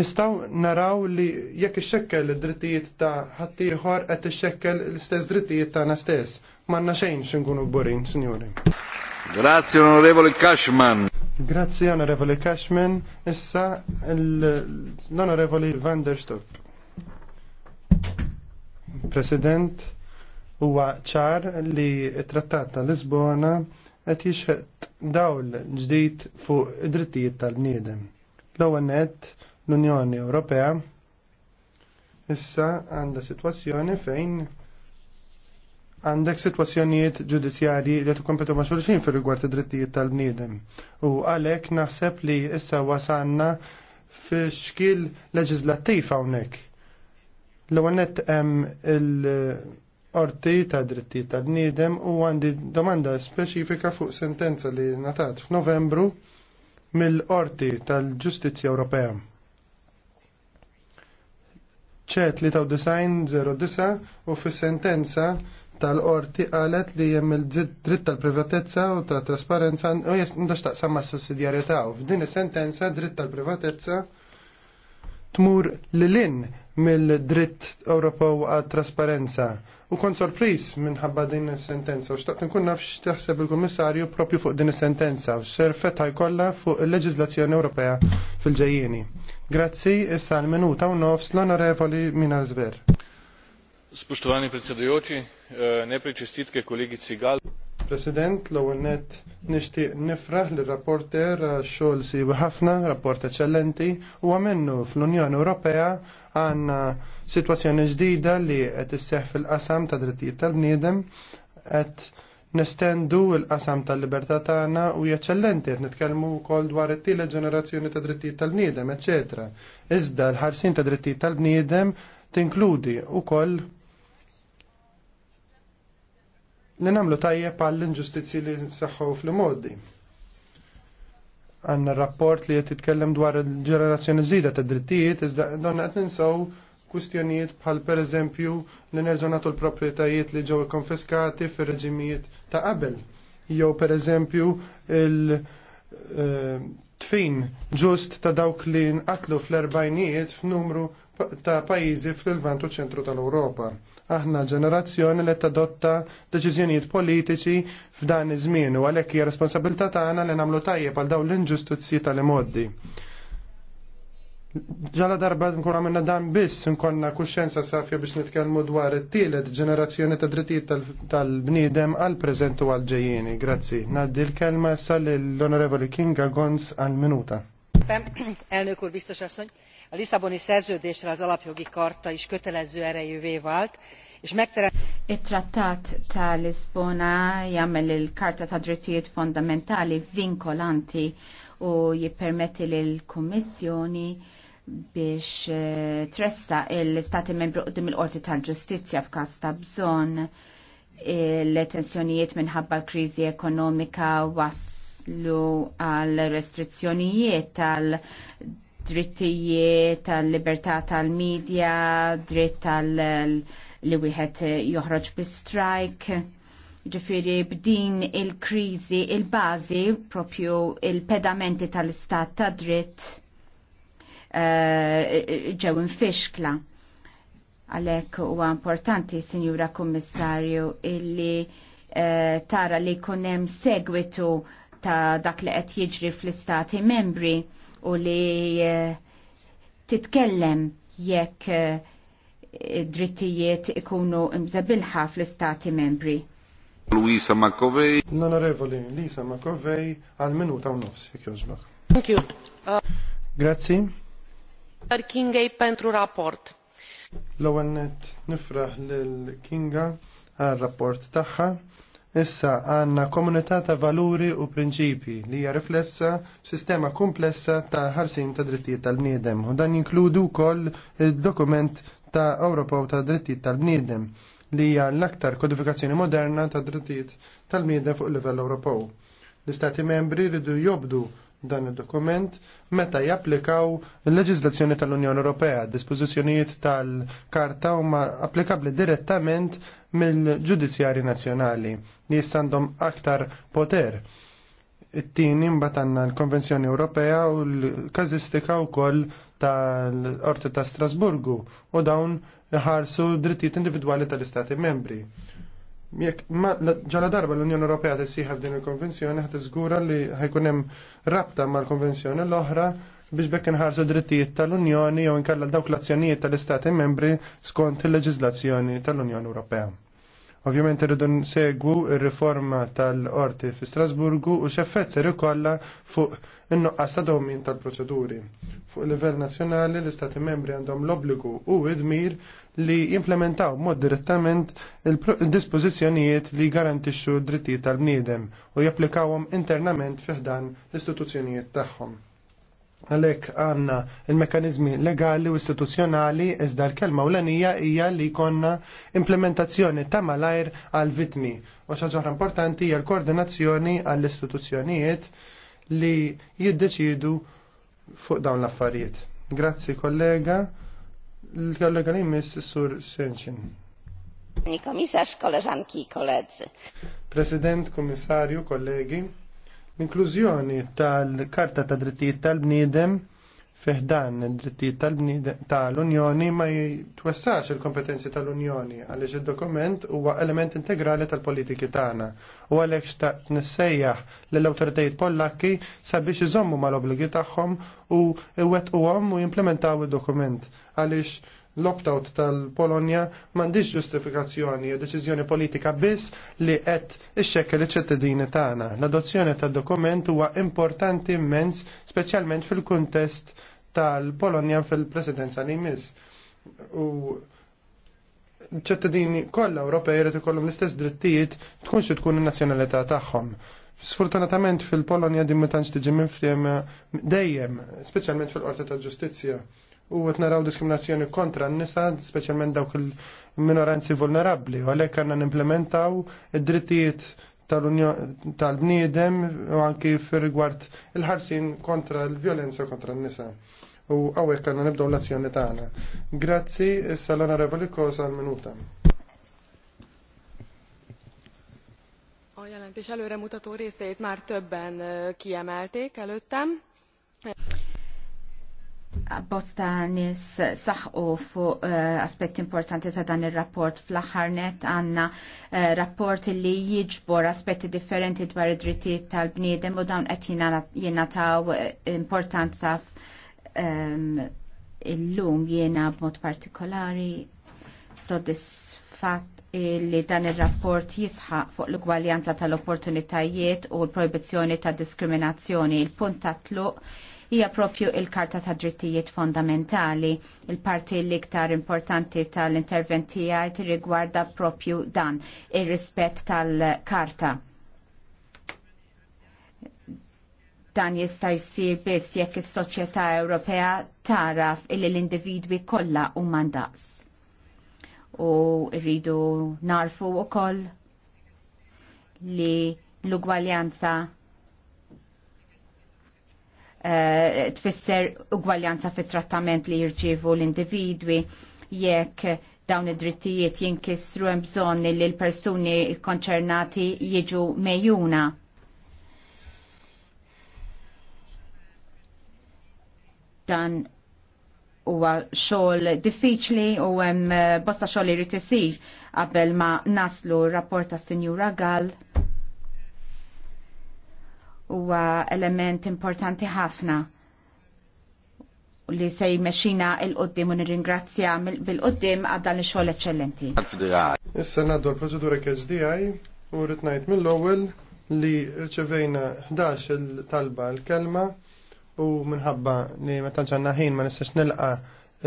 nistaw naraw li jekk ixxekkel id-drittijiet ta' ħaddieħor qed ixxekkel l-istess drittijiet tagħna stess. M'għandna xejn x'inkunu gburin, Sinjuri. Grazie onorevoli Cashman. Grazie onorevoli Cashman. Issa l-onorevoli Van der Stoep. President, huwa ċar li trattat ta' Lisbona qed jixħet dawl ġdid fuq id-drittijiet tal-bniedem. L-ewwel nett l-Unjoni Ewropea issa għandha sitwazzjoni fejn għandek sitwazzjonijiet ġudizzjarji li tikkompetu ma' xulxin fir rigward id-drittijiet tal-bniedem. U għalhekk naħseb li issa wasanna fi xkil leġislattiv hawnhekk L-għonet hemm il-orti ta' dritti tal-nidem u għandi domanda speċifika fuq sentenza li natat f'Novembru mill-orti tal-ġustizja Ewropea. ċet li ta' design 09 u fis-sentenza tal-qorti qalet li hemm il-dritt tal-privatezza u ta' trasparenza u jindax taqsam ma' sussidjarieta' u f'din is-sentenza dritt tal-privatezza tmur lilin mill-dritt Ewropew għat trasparenza. U kont sorpris minħabba din is-sentenza u xtaqt nkun naf x'taħseb il-Kummissarju propju fuq din is-sentenza u x'effett ħajkollha fuq il leġizlazzjoni Ewropea fil-ġejjieni. Grazzi, issa l-minuta u nofs l-Onorevoli Minar Zver. Spoštovani predsedujoči, eh, najprej ke kollegi Cigal. President, l-ewwel net nixtieq nifraħ l rapporter xogħol eh, si ħafna, rapport eċċellenti, u għamennu fl-Unjoni Ewropea għanna situazzjoni ġdida li qed isseħ fil-qasam ta' drittijiet tal-bniedem, qed nestendu l-qasam tal-libertà tagħna u eċċellenti qed nitkellmu wkoll dwar it-tielet ġenerazzjoni ta' drittijiet tal-bniedem, eċetera. Iżda l-ħarsin ta' drittijiet tal-bniedem tinkludi wkoll li nagħmlu tajjeb għall inġustizzji li saħħu fl-modi għanna rapport li jett titkellem dwar il-ġenerazzjoni zida ta' drittijiet, iżda donna qed ninsaw kustjonijiet bħal per eżempju li nerġgħu l-proprjetajiet li ġew konfiskati fir-reġimijiet ta' qabel. Jew per eżempju il-tfin eh, ġust ta' dawk li nqatlu fl-erbajnijiet f'numru ta' pajjiżi fl-Levant u ċentru tal-Ewropa. Aħna ġenerazzjoni li tadotta deċiżjonijiet politiċi f'dan iż-żmien u għalhekk hija responsabilità tagħna li nagħmlu tajjeb għal dawn l-inġustizzji tal-imoddi. Ġala darba nkun għamilna dan biss nkonna kuxxenza safja biex nitkellmu dwar it-tielet ġenerazzjoni ta' drittijiet tal-bniedem għal preżentu għal ġejjieni. Grazzi. Naddi l-kelma sal l-Onorevoli Kinga Gons għal minuta. a lisszaboni szerződéssel az alapjogi karta is kötelező erejűvé vált és megteremti it-trattat e ta' Lisbona jagħmel il-Karta ta' Drittijiet Fondamentali vinkolanti u jippermetti lil kummissjoni biex eh, tressa l-Stati membru qudiem il-Qorti tal-Ġustizzja f'każ ta' bżonn l-tensjonijiet minħabba l-kriżi ekonomika waslu għal restrizzjonijiet tal drittijiet tal-libertà tal-medja, dritt tal- li wieħed joħroġ bi-strike. Ġifiri b'din il-kriżi, il-bażi, propju il-pedamenti tal-istat ta' dritt eh, ġew infixkla. Għalhekk huwa importanti, Sinjura Kummissarju, illi eh, tara li jkun hemm segwitu ta' dak li qed jiġri fl-istati membri u li eh, titkellem jekk eh, drittijiet ikunu imżabilħa fl-istati membri. Luisa Makovej. L-Onorevoli Lisa Makovej għal minuta u nofs, jek joġbaħ. Thank you. Uh, Grazzi. Kinga pentru rapport. L-ewwel nifraħ l Kinga għal rapport tagħha Issa għanna komunità ta' valuri u prinċipi li hija riflessa sistema komplessa ta' ħarsin ta' drittijiet tal-bniedem u dan jinkludu wkoll il-dokument ta' Ewropew ta' drittijiet tal-bniedem li hija l-aktar kodifikazzjoni moderna ta' drittijiet tal-bniedem fuq livell Ewropew. L-Istati membri ridu jobdu dan il-dokument meta japplikaw il-leġizlazzjoni tal-Unjoni Ewropea, dispożizzjonijiet tal-karta huma applikabbli direttament mill ġudizjari nazzjonali li jissandom aktar poter. It-tieni mbatanna l-Konvenzjoni Ewropea u l-każistika wkoll tal-Qorti ta' Strasburgu u dawn ħarsu drittijiet individwali tal-Istati membri. Jekk ġala darba l-Unjoni Ewropea tissieħab din il-konvenzjoni ħat iżgura li ħajkunem hemm rabta mal-konvenzjoni l-oħra biex bekk inħarsu drittijiet tal-Unjoni jew inkella dawk l-azzjonijiet tal-Istati membri skont il leġislazzjoni tal-Unjoni Ewropea. Ovvjament irridu nsegwu ir-riforma tal-qorti fi Strasburgu u x'effett ser ikollha fuq in-nuqqas ta' domin tal-proċeduri. Fuq livell nazzjonali l-Istati membri għandhom l-obbligu u idmir li jimplementaw mod direttament il-dispożizzjonijiet li garantixxu d-drittijiet tal-bniedem u japplikawhom internament fiħdan l-istituzzjonijiet tagħhom. Għalek għanna il-mekanizmi legali u istituzjonali iżda l-kelma u l-anija hija li konna implementazzjoni ta' malajr għal vitmi. U xaġar importanti hija l-koordinazzjoni għall istituzzjonijiet li jiddeċidu fuq dawn l-affarijiet. Grazzi kollega, l-kollega li miss sur Senċin. Komisarz, koleżanki i koledzy. Prezydent, komisarju, kolegi. Inklużjoni tal-Karta ta' Drittijiet tal-Bniedem fiħdan id-drittijiet tal-Unjoni tal ma jitwessax il-kompetenzi tal-Unjoni għaliex id-dokument huwa element integrali tal-politiki tagħna u għalhekk xtaqt nissejjaħ lill-awtoritajiet Pollakki sabiex iżommu mal-obbligi tagħhom u iwettquhom u jimplementaw id-dokument għaliex L-opt-out tal-Polonja m'għandix ġustifikazzjoni u deċiżjoni politika biss li qed ixxekkel iċ-ċittadini tagħna. L-adozzjoni tad-dokument huwa importanti immens, speċjalment fil-kuntest tal-Polonja fil-presidenza li jmiss. U ċittadini kollha Ewropej jrid ikollhom l-istess drittijiet tkunx tkun in-nazzjonalità tagħhom. Sfortunatament fil-Polonja din ma tantx tiġi minn dejjem, speċjalment fil-Qorti tal-Ġustizzja u għet naraw diskriminazzjoni kontra n-nisa, specialment dawk il-minoranzi vulnerabli, u għalek għanna n-implementaw id-drittijiet tal-bniedem u għanki fir-rigward il-ħarsin kontra l-violenza kontra n-nisa. U għawek għanna nibdow l-azzjoni tagħna. Grazzi, issa l-onorevoli Kosa l-minuta. A jelentés előremutató részét már többen eh, kiemelték előttem bosta nis saħqu fuq uh, aspett importanti ta' dan il-rapport fl-aħħar net għanna uh, rapport li jiġbor aspetti differenti dwar id-drittijiet tal-bniedem u dawn qed jingħataw eh, importanza um, illum jiena b'mod partikolari soddisfatt li dan il-rapport jisħaq fuq l-gwaljanza tal-opportunitajiet u l-proibizzjoni ta' diskriminazzjoni. Il-punt ta' tluq hija propju il-Karta ta' Drittijiet Fondamentali. Il-parti l-iktar importanti tal-intervent tiegħi tirrigwarda propju dan, ir-rispett tal-Karta. dan jista' jsir biss jekk is-soċjetà Ewropea taraf illi l-individwi kollha huma ndaqs. U rridu narfu wkoll li l-ugwaljanza Eh, tfisser ugwaljanza fit-trattament li jirċievu l-individwi jekk dawn id-drittijiet jinkissru hemm bżonn li l-persuni konċernati jiġu mejjuna. Dan huwa xogħol diffiċli u hemm bosta xogħol irid isir qabel ma naslu r-rapport tas-Sinjura Gall huwa element importanti ħafna li se jmexxina il-qoddim u nirringrazzja bil-qoddim għad dan ix eċċellenti. Issa ngħaddu l-proċedura KSDI u rritnajt ngħid mill-ewwel li rċevejna 11 il-talba l-kelma u minħabba li meta ġanna ħin ma nistax nilqa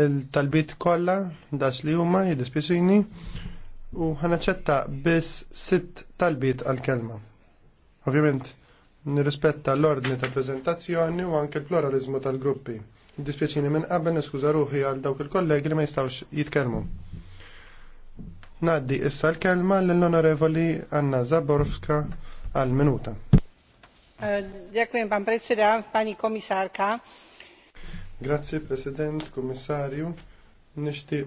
il-talbit kolla 11 li huma jiddispjaċini u ħanaċetta biss sitt talbiet għal-kelma. Ovvjament nirrispetta l-ordni ta' prezentazzjoni u anke l-pluralizmu tal-gruppi. Dispieċini minn qabel niskuża ruħi għal dawk il-kollegi li ma jistawx jitkellmu. Naddi issa l-kelma l-onorevoli Anna Zaborska għal minuta. Eh, dziękuję pan predseda, pani komisarka. Grazie president, komisarju. Nishti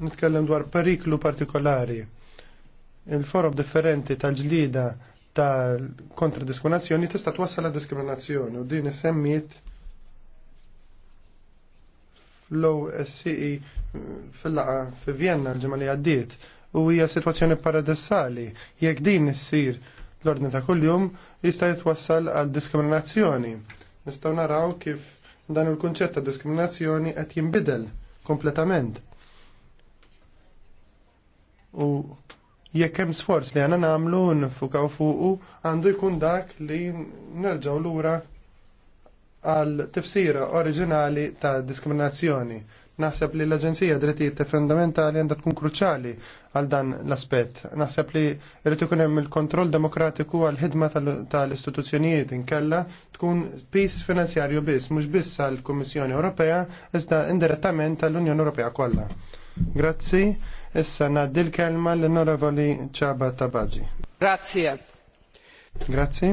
nitkellem dwar periklu partikolari. il forum differenti tal-ġlida ta' kontra diskriminazzjoni tista' twassal għad diskriminazzjoni u din semmiet fl SCE fil-laqa fi Vienna l-ġimgħa li għaddiet u hija sitwazzjoni paradossali jekk din issir l-ordni ta' kuljum jista' jitwassal għal diskriminazzjoni. Nistgħu naraw kif dan il-kunċett ta' diskriminazzjoni qed jinbidel kompletament. U jekk hemm sforz li għana nagħmlu nfukaw fuqu għandu jkun dak li nerġgħu lura għal tifsira oriġinali ta' diskriminazzjoni. Naħseb li l-Aġenzija Drittijiet Fundamentali għandha tkun kruċali għal dan l-aspett. Naħseb li rrid ikun hemm il-kontroll demokratiku għal ħidma tal-istituzzjonijiet inkella tkun pis finanzjarju biss, mhux biss għall kummissjoni Ewropea, iżda indirettament tal-Unjoni Ewropea kollha. Grazzi. Issa naddi l-kelma l-Onorevoli Ċaba Tabaġi. Grazie. Grazie.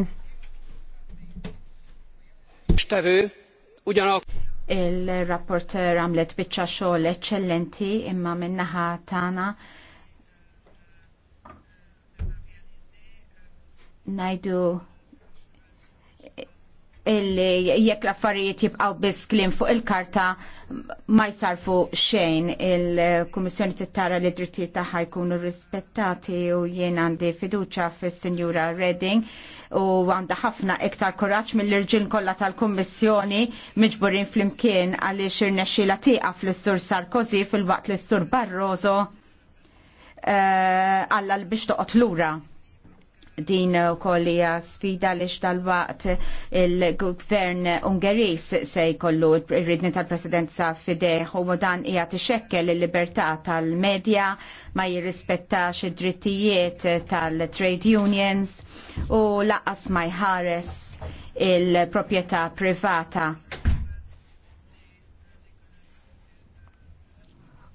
Xtavu, uġanok. Il-rapporter għamlet bieċa xogħol eccellenti imma minnaħa tana najdu illi jekk l-affarijiet jibqaw biss klim fuq il-karta ma jsarfu xejn il-Kummissjoni tittara li drittijiet tagħha jkunu rispettati u jien għandi fiduċa fis-Sinjura Redding u għandha ħafna iktar kuraġġ mill irġin kollha tal-Kummissjoni miġburin flimkien għaliex irnexxiela tieqa fl-Sur Sarkozy fil-waqt l-Sur Barroso eh, għalla l biex toqgħod lura Din u kollija sfida li tal-waqt il-gvern Ungeris se jkollu il-ridni tal-presidenza fideħ u dan hija tixekkel il-libertà tal-medja ma jirrispettax id-drittijiet tal-trade unions u laqas ma jħares il-propieta privata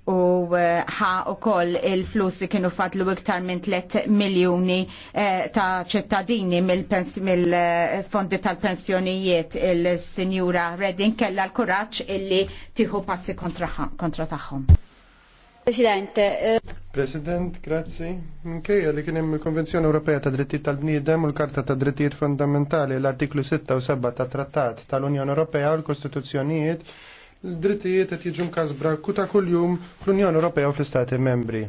u eh, ħa u koll il-flus kienu fatlu iktar minn 3 miljoni eh, ta' ċittadini mill-fondi eh, tal-pensjonijiet il-Sinjura Redding kella l-kuraċ illi tiħu passi kontra tagħhom. Presidente. President, grazzi. Minkejja li kien hemm il-Konvenzjoni Ewropea ta' Drittijiet tal-Bniedem u l-Karta ta' Drittijiet Fundamentali l-artiklu 6 u 7 ta' Trattat tal-Unjoni Ewropea u l-Kostituzzjonijiet drittijiet qed jiġu mkasbra ta' kuljum fl-Unjoni Ewropea u fl-Istati Membri.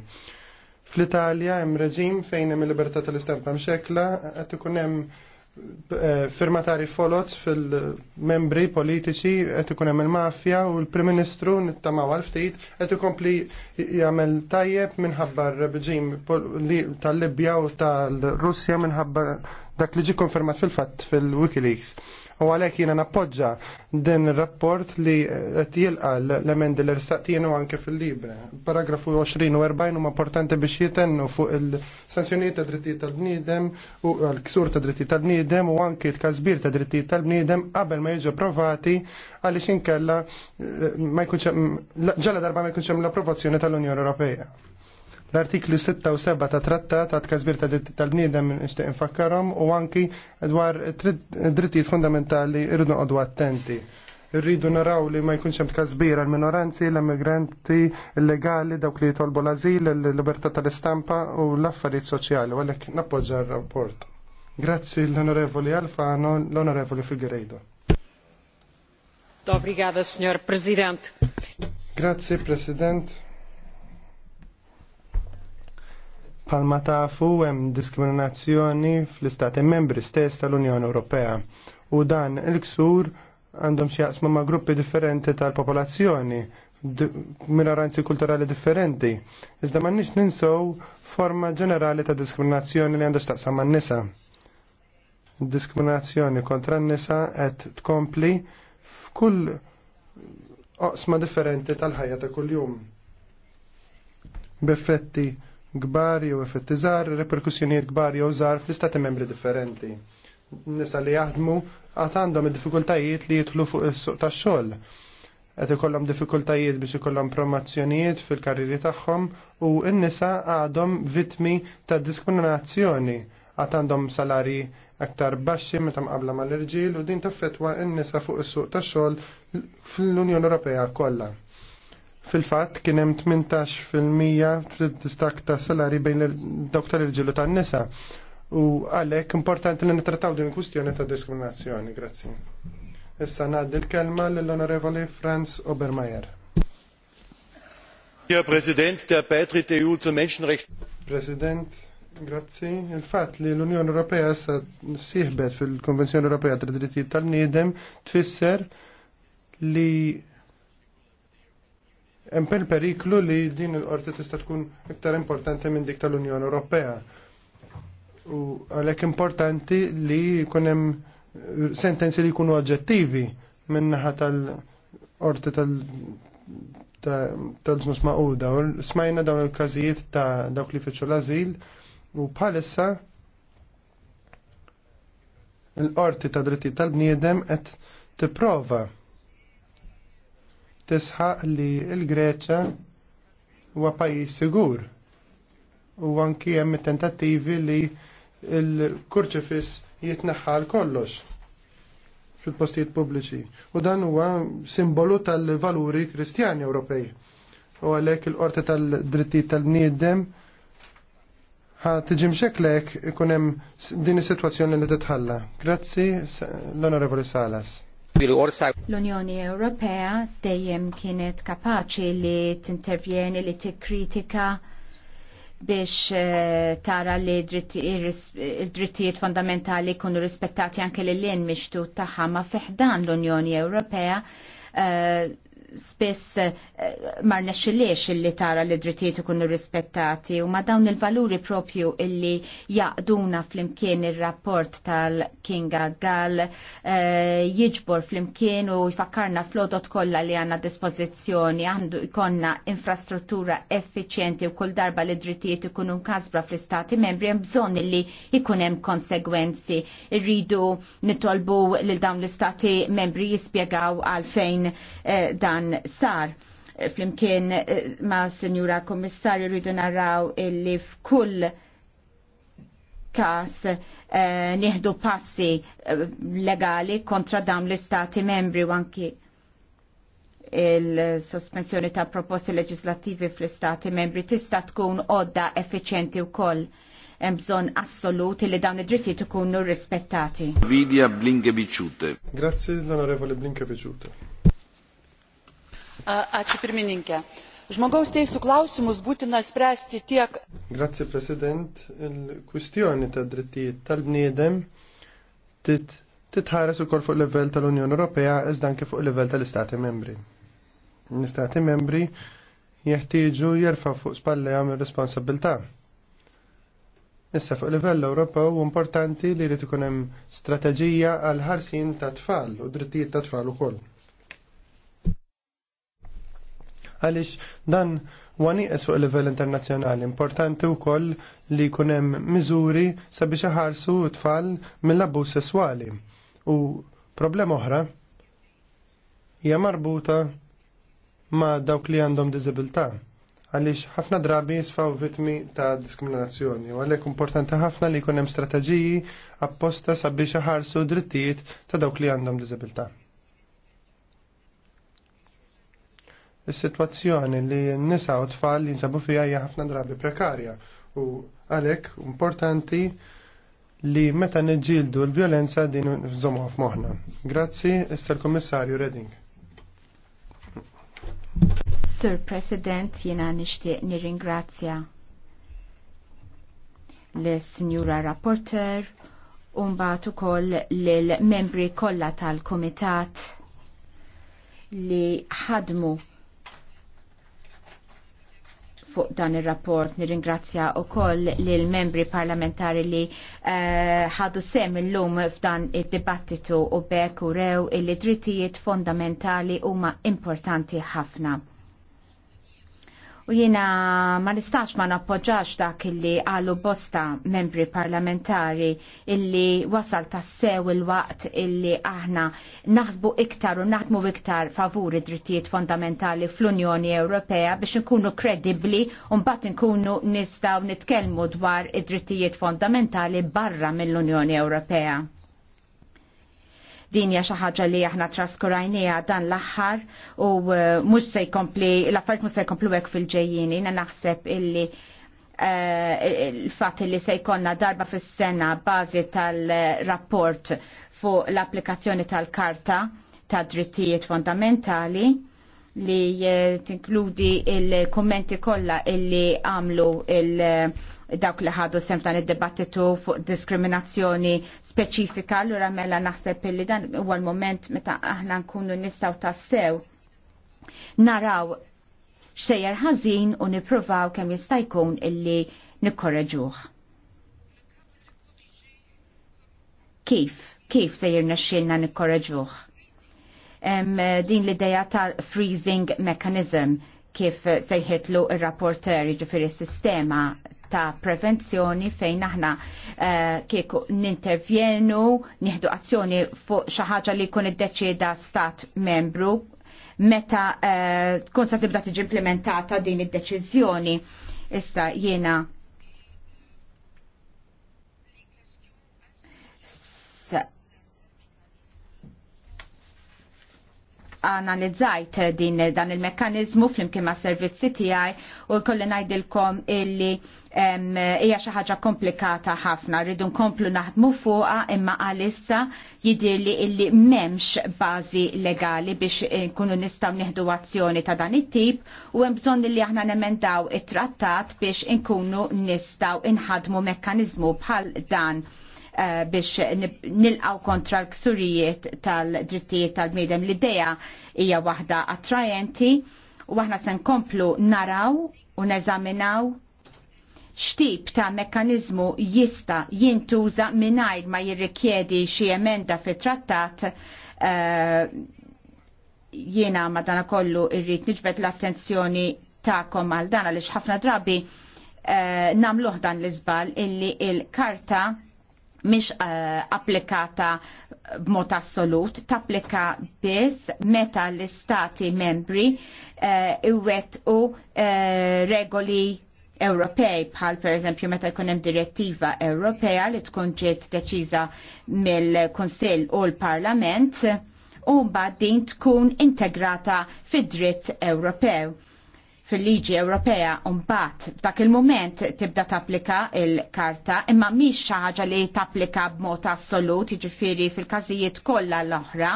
Fl-Italja hemm reġim fejn hemm il-libertà tal-istampa mxekla, qed ikun hemm eh, firmatari folots fil-membri politiċi, qed ikun hemm il-mafja u l-Prim Ministru nittamaw għal ftit qed ikompli jagħmel tajjeb minħabba reġim tal-Libja u tal-Russja minħabba dak li ġi konfermat fil-fatt fil-Wikileaks. fil fatt fil wikileaks U għalhekk jiena nappoġġa din ir-rapport li qed jilqa l-emendi l irsaqtienu għanke anke fil-libe. Paragrafu 20 u 40 huma importanti biex jitennu fuq il-sanzjonijiet ta' dritti tal-bniedem u l-ksur ta' Dritti tal-bniedem u anke il każbir ta' drittijiet tal-bniedem qabel ma jiġu provati għaliex inkella ma ġala darba ma jkunx hemm l-approvazzjoni tal-Unjoni Ewropea l artiklu 6 u 7 ta' trattat ta' tkazbir tal-bniedem nixtieq infakkarhom u anki dwar dritti fundamentali irridu għadu attenti. Irridu naraw li ma jkunx hemm tkazbir għal minoranzi, l-immigranti illegali dawk li jitolbu l-azil, l-libertà tal-istampa u l-affarijiet soċjali, Għalek nappoġġa r-rapport. Grazzi l-Onorevoli Alfano, l-Onorevoli Figueiredo. Dobrigada, Signor President. Grazie, President. Palma tafu hemm diskriminazzjoni fl-istati membri stess tal-Unjoni Ewropea u dan il-ksur għandhom xjaqsma ma' gruppi differenti tal-popolazzjoni, minoranzi kulturali differenti. Iżda ma' nix ninsow forma ġenerali ta' diskriminazzjoni li għandha xtaqsam ma' nisa. Diskriminazzjoni kontra n-nisa qed tkompli f'kull oqsma differenti tal-ħajja ta' kuljum. B'effetti gbar jew effetti żgħar, reperkussjonijiet gbar jew żgħar fl-istati membri differenti. Nisa li jaħdmu għad għandhom id-diffikultajiet li jidħlu fuq is-suq tax-xogħol. Qed ikollhom diffikultajiet biex ikollhom promozzjonijiet fil-karriri tagħhom u n-nisa għadhom vittmi ta' diskriminazzjoni għad għandhom salari aktar baxxi meta mqabla mal-irġiel u din taffetwa n-nisa fuq is-suq tax-xogħol fl-Unjoni Ewropea kollha. Fil-fatt kien hemm 18% fid-distak ta' salari bejn dawk tal-irġilu tan-nisa. U għalhekk importanti li nittrattaw din il-kwistjoni ta' diskriminazzjoni. Grazzi. Issa ngħaddi l-kelma lill-Onorevoli Franz Obermeier. Herr Präsident, der Beitritt der EU zum Menschenrecht. Präsident, Grazzi. Il-fat li l-Unjoni Ewropea sa siħbet fil-Konvenzjoni Ewropea tad drittijiet tal-Niedem tfisser li hemm periklu li din il-qorti tista' tkun iktar importanti minn dik tal-Unjoni Ewropea. U għalhekk importanti li jkun hemm eh, sentenzi li jkunu oġġettivi minnaħa tal-qorti tal tal-ġnus maquda. U smajna dawn il-każijiet ta' dawk li fitxu l-azil u bħalissa l-qorti ta' dritti tal-bniedem qed tipprova tisħaq li l-Greċa huwa pajjiż sigur u anki hemm tentattivi li l-kurċifis jitnaħħal kollox fil-postijiet pubbliċi. U dan huwa simbolu tal-valuri kristjani Ewropej. U għalhekk il-qorti tal-drittijiet tal-bniedem ħa tiġim xeklek ikun hemm din is-sitwazzjoni li titħalla. Grazzi l-Onorevoli Salas. L-Unjoni Ewropea dejjem kienet kapaċi li tintervjeni li tikkritika biex eh, tara li id drittijiet fondamentali kunu rispettati anke l-lin mixtu taħħa ma fiħdan l-Unjoni Ewropea eh, spess eh, mar nexxiliex illi tara li drittijiet ikunu rispettati u ma dawn il-valuri propju illi jaqduna flimkien ir-rapport tal-Kinga Gall eh, jiġbor flimkien u jfakkarna flodot kollha li għandna dispozizjoni għandu jkollna infrastruttura effiċjenti u kull darba li drittijiet ikunu kasbra fl-istati membri hemm bżonn illi ikun hemm konsegwenzi irridu nitolbu lil dawn l-istati membri jispjegaw għalfejn eh, dan dan sar flimkien eh, ma' Senjura Kommissarju rridu naraw illi f'kull kas eh, nieħdu passi eh, legali kontra dawn l-istati membri u anki il-sospensjoni ta' proposti leġislativi fl-istati membri tista' tkun odda effiċjenti wkoll hemm bżonn assolut li dawn id-drittijiet ikunu rispettati. Vidja Blinkeviċute. Grazie l Blinke Blinkeviċute. Ačiū pirmininkė. Žmogaus teisų klausimus būtina spręsti tiek. Grazie, President. Il-kustjoni ta' drittijiet tal-bniedem titħares ukoll fuq livell tal-Unjoni Ewropea iżda anke fuq livell tal-Istati membri. L-Istati membri jeħtieġu jerfa' fuq spallejhom ir-responsabilità. Issa fuq livell Ewropew importanti li jrid ikun hemm strateġija għal ħarsin ta' tfal u drittijiet ta' tfal ukoll għaliex dan waniqes fuq il-level internazzjonali. Importanti wkoll li jkun hemm miżuri sabiex iħarsu tfal mill-abbuż sesswali. U problema oħra hija marbuta ma' dawk li għandhom diżabilità għaliex ħafna drabi jisfaw vitmi ta' diskriminazzjoni u għalhekk importanti ħafna li jkun hemm strateġiji apposta sabiex ħarsu drittijiet ta' dawk li għandhom diżabilità. is-sitwazzjoni li n-nisa u tfal li jinsabu fija hija ħafna drabi prekarja u għalhekk importanti li meta niġġieldu l-vjolenza din nżommuha f'moħħna. Grazzi, Sir kummissarju Reding. Sir President, jiena nixtieq nirringrazzja l-Sinjura Rapporter, unbat ukoll l-membri kollha tal kumitat li ħadmu fuq dan il-rapport. Nirringrazzja u koll l-membri parlamentari li eh, ħadu uh, sem l lum f'dan il-dibattitu u bekk u rew il-drittijiet fondamentali huma importanti ħafna u jina ma nistax ma nappoġġax dak illi għalu bosta membri parlamentari illi wasal tassew il-waqt illi aħna naħsbu iktar u naħdmu iktar favur id-drittijiet fondamentali fl-Unjoni Ewropea biex nkunu kredibli un bat nkunu nistaw nitkelmu dwar id-drittijiet fondamentali barra mill-Unjoni Ewropea. Din hija xi ħaġa li aħna traskurajnija dan l-aħħar u uh, mhux se jkompli l-affarijiet mhux se jkomplu hekk fil-ġejjini, naħseb illi uh, il-fat li se jkonna darba fis-sena bażi tal-rapport fuq l-applikazzjoni tal-karta ta' drittijiet fondamentali li uh, tinkludi il-kommenti kollha illi għamlu il- dawk li ħadu sem dan id debattitu fuq diskriminazzjoni speċifika l mela naħseb li dan huwa l-moment meta aħna nkunu nistaw tassew naraw xsejjer ħażin u nippruvaw kemm jista' jkun illi nikkorreġuh. Kif? Kif se jirnexxilna nikkorreġuh? Din l-ideja ta' freezing mechanism kif sejħetlu il-rapporter ġifiri sistema ta' prevenzjoni fejn aħna uh, kieku nintervjenu, nieħdu azzjoni fuq xi ħaġa li jkun iddeċieda stat membru meta uh, tkun sa tibda tiġi implementata din id-deċiżjoni. Issa jiena analizzajt din dan il-mekkanizmu flimkien ma' servizzi tiegħi u kolli ngħidilkom illi hija xi ħaġa komplikata ħafna, rridu nkomplu naħdmu fuqha imma għalissa jidirli illi m'hemmx bażi legali biex eh, nkunu nistgħu nieħdu azzjoni ta' dan it-tip u hemm bżonn li aħna nemendaw it-trattat biex inkunu nistgħu inħadmu mekkaniżmu bħal dan Eh, biex nilqaw kontra l-ksurijiet tal-drittijiet tal-bniedem. L-ideja hija waħda attrajenti u aħna se nkomplu naraw u neżaminaw xtip ta' mekkanizmu jista jintuża mingħajr ma jirrikjedi xi emenda fit trattat eh, jiena madana kollu irrit niġbet l-attenzjoni ta'kom għal dan għaliex ħafna drabi eh, namluħ dan l-iżbal illi il-karta il karta mhix eh, applikata b'mod assolut, tapplika biss meta l-istati membri eh, iwettqu eh, regoli Ewropej bħal per eżempju meta jkun hemm direttiva Ewropea li tkun ġiet deċiża mill-Kunsill u l-Parlament u mbagħad din tkun integrata fid-dritt Ewropew fil-liġi Ewropea bat f'dak il-moment tibda tapplika il-karta imma mhix xi ħaġa li tapplika b'mod assolut, jiġifieri fil-każijiet kollha l-oħra,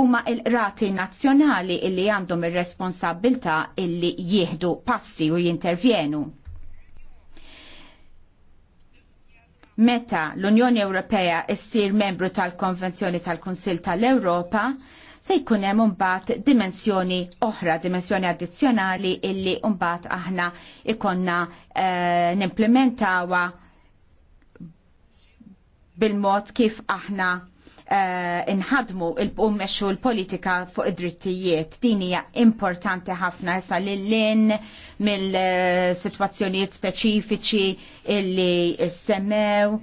huma l-rati nazzjonali illi għandhom ir responsabbilta illi jieħdu passi u jintervjenu. Meta l-Unjoni Ewropea issir membru tal-Konvenzjoni tal-Kunsil tal-Ewropa, tal konvenzjoni tal kunsil tal ewropa tal tal kunsil tal ewropa se jkun hemm imbagħad dimensjoni oħra, dimensjoni addizzjonali illi mbagħad aħna ikonna uh, nimplementawha bil-mod kif aħna uh, inħadmu il-bqummex l-politika fuq id-drittijiet. Din hija importanti ħafna issa lil-lin mill-sitwazzjonijiet eh, speċifiċi illi semmew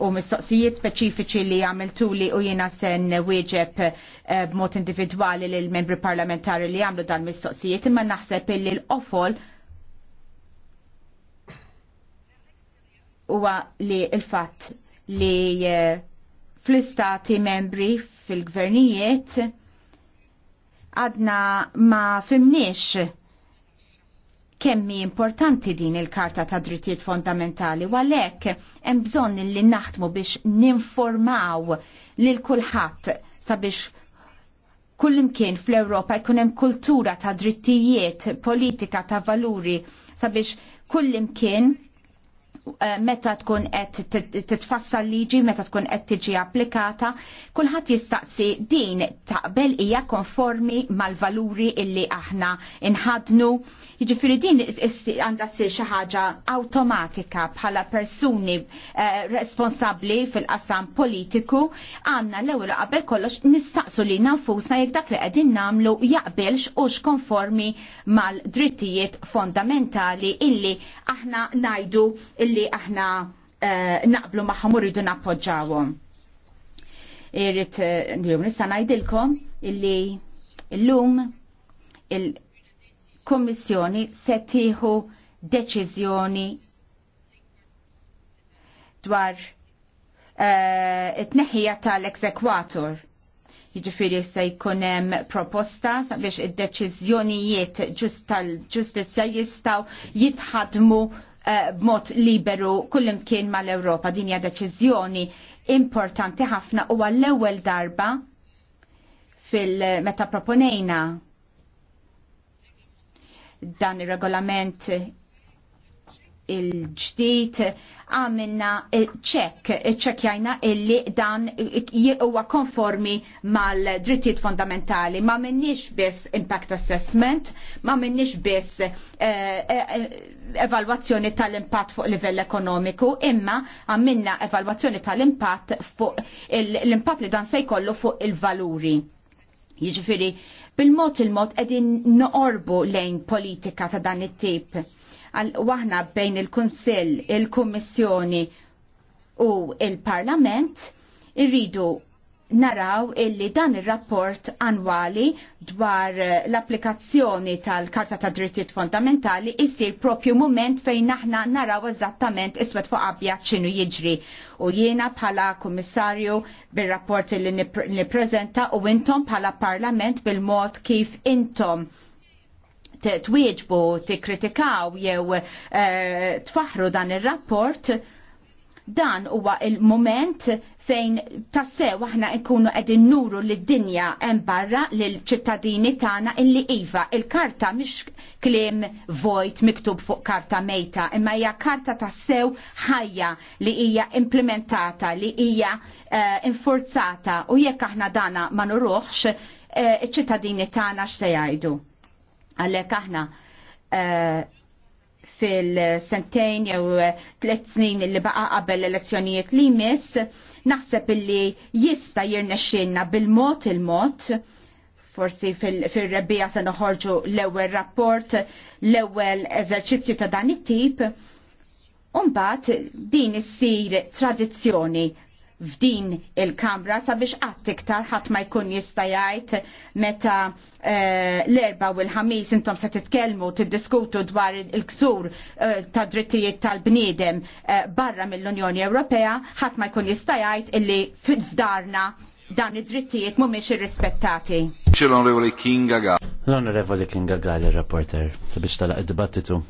u mistoqsijiet speċifiċi li li u jiena sen wieġeb eh, b'mod individwali lil membri parlamentari li għamlu dan mistoqsijiet imma naħseb li l-qofol huwa li l-fatt li eh, fl-istati membri fil-gvernijiet għadna ma fimniex kemmi importanti din il-Karta ta' Drittijiet Fondamentali u għalhekk hemm bżonn li naħdmu biex ninformaw lil kulħadd sabiex kullimkien fl-Ewropa jkun hemm kultura ta' drittijiet, politika ta' valuri sabiex kullimkien eh, meta tkun qed titfassal liġi, meta tkun qed tiġi applikata, kulħadd jistaqsi din taqbel hija konformi mal-valuri illi aħna inħadnu Jiġifieri din għandha ssir xi ħaġa awtomatika bħala persuni eh, responsabbli fil-qasam politiku għandna l-ewwel qabel kollox nistaqsu li nafusna jekk dak li qegħdin nagħmlu jaqbilx u konformi mal-drittijiet fondamentali illi aħna ngħidu illi aħna eh, naqblu magħhom u rridu nappoġġawhom irrit eh, nista ngħidilkom illi illum il il-Kommissjoni se tieħu deċiżjoni dwar uh, eh, it-neħija tal-ekzekwatur. Jiġifieri se jkun hemm proposta sabiex id-deċiżjonijiet ġust tal-ġustizzja jistgħu jitħadmu uh, b'mod liberu kullimkien mal-Ewropa. Din hija deċiżjoni importanti ħafna u għall-ewwel darba fil-meta proponejna dan il-regolament il-ġdijt għamilna ċek, eh, ċekjajna eh, illi dan huwa konformi mal-drittijiet fondamentali. Ma minnix biss impact assessment, ma minnix biss eh, evalwazzjoni tal-impatt fuq livell ekonomiku, imma għamilna evalwazzjoni tal-impatt fuq l-impatt li dan se jkollu fuq il-valuri. Jiġifieri Bil-mod il-mod qegħdin noqorbu lejn politika ta' dan it-tip. Waħna bejn il-Kunsill, il-Kummissjoni u il-Parlament irridu naraw illi dan il-rapport annwali dwar eh, l-applikazzjoni tal-Karta ta' Drittijiet Fondamentali jsir propju moment fejn aħna naraw eżattament iswed fuq abja x'inhu jiġri. U jiena bħala kummissarju bil-rapport li nippreżenta u intom bħala parlament bil-mod kif intom twieġbu, tikkritikaw jew eh, tfaħru dan ir rapport Dan huwa il-moment fejn tassew aħna nkunu qegħdin nuru lid-dinja hemm barra lil ċittadini tagħna illi iva il-karta mhix kliem vojt miktub fuq karta mejta imma hija karta tassew ħajja li hija implementata li hija eh, infurzata u jekk aħna dana ma nuruħx eh, iċ-ċittadini tagħna x'se jgħidu. Għalhekk aħna eh, fil-sentejn jew eh, tliet snin li baqa qabel elezzjonijiet li jmiss, naħseb illi jista jirnexxinna bil-mod il-mod, forsi fil-rebbija se noħorġu l-ewwel rapport, l-ewwel eżerċizzju ta' dan it-tip, Umbat din issir tradizzjoni f'din il-Kamra sabiex qatt iktar ħadd ma jkun jista' jgħid meta eh, l-erba u l-ħamis intom se titkellmu tiddiskutu dwar il-ksur eh, ta' drittijiet tal-bniedem eh, barra mill-Unjoni Ewropea ħadd ma jkun jista' jgħid illi f'darna dan id-drittijiet mhumiex irrispettati. L-Onorevoli Kinga Gall. L-Onorevoli Kinga Gall, il-rapporter, sabiex talaq id-dibattitu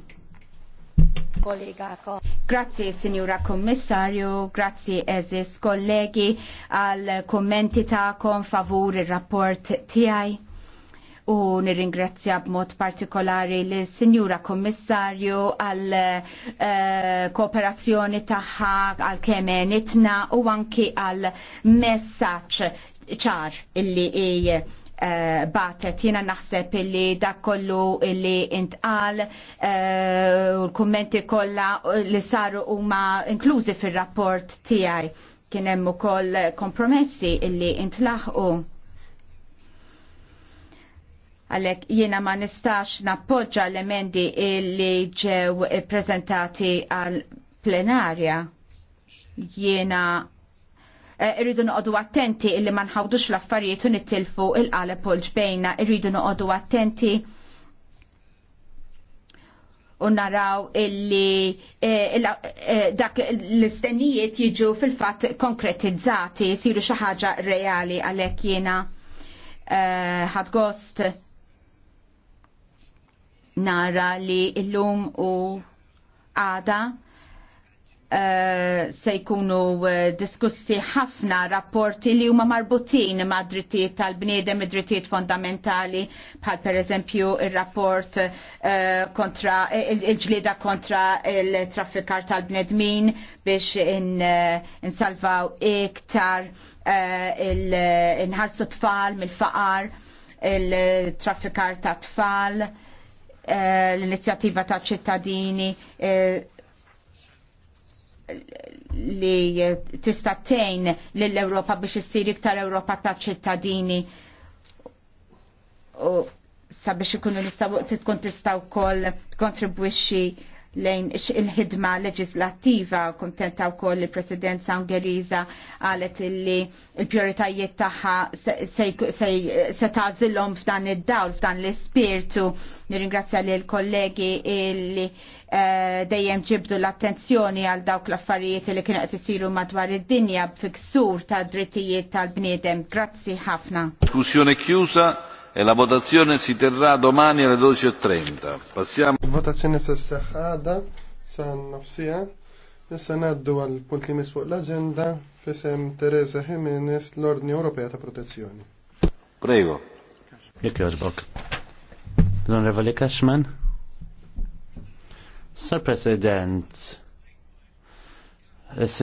kollega. Grazzi Signora Kommissarju, grazzi eżis kollegi commenti ta' con favur il-rapport tiegħi. U nirringrazzja b'mod partikolari l sinjura Kommissarju għal eh, kooperazzjoni tagħha għal kemenitna u anki għal messaċ ċar illi uh, batet. Jena naħseb illi dak kollu illi intqal eh, u uh, l-kommenti kollha li saru huma inklużi fir-rapport tiegħi. Kien hemm ukoll kompromessi illi intlaħqu għalek jiena ma nistax nappoġġa l-emendi li ġew prezentati għal plenarja jiena Eh, irridu noqogħdu attenti illi ma nħawdux l-affarijiet u nittilfu il-qalep u l-ġbejna, irridu noqogħdu attenti u naraw illi eh, eh, dak l-istennijiet jiġu fil-fatt konkretizzati, siru xi ħaġa reali għalhekk jiena gost nara li llum u għada Eh, se jkunu eh, diskussi ħafna rapporti li huma marbutin ma' drittijiet tal-bniedem, drittijiet fondamentali, bħal per eżempju rapport eh, kontra il ġlieda kontra il-traffikar tal-bnedmin biex insalvaw iktar il-inħarsu tfal mill-faqar, il-traffikar ta' tfal, l-inizjattiva ta' ċittadini, li tista' tgħin lill-Ewropa biex issir iktar Ewropa ta' ċittadini u sabiex ikunu nistgħu tkun tista' wkoll kontribwixxi lejn il-ħidma leġislattiva kontenta u koll il-presidenza ungheriza għalet illi il-prioritajiet taħħa se tażilhom f'dan id-dawl, f'dan l-ispirtu. Nirringrazzja li l-kollegi illi eh, dejjem ġibdu l-attenzjoni għal dawk l-affarijiet li kienet qed isiru madwar id-dinja b'iksur ta' drittijiet tal-bniedem. Grazzi ħafna. Diskussjoni chiusa e la votazione si terrà domani alle 12.30. E Passiamo. Votazione sessahada, san Nafsia. Issa naddu għal punt li misfuq l-agenda fisem Teresa Jimenez l-Ordni Ewropea ta' Protezzjoni. Prego. Jek jazbok. L-Onorevoli Kashman. Sir President,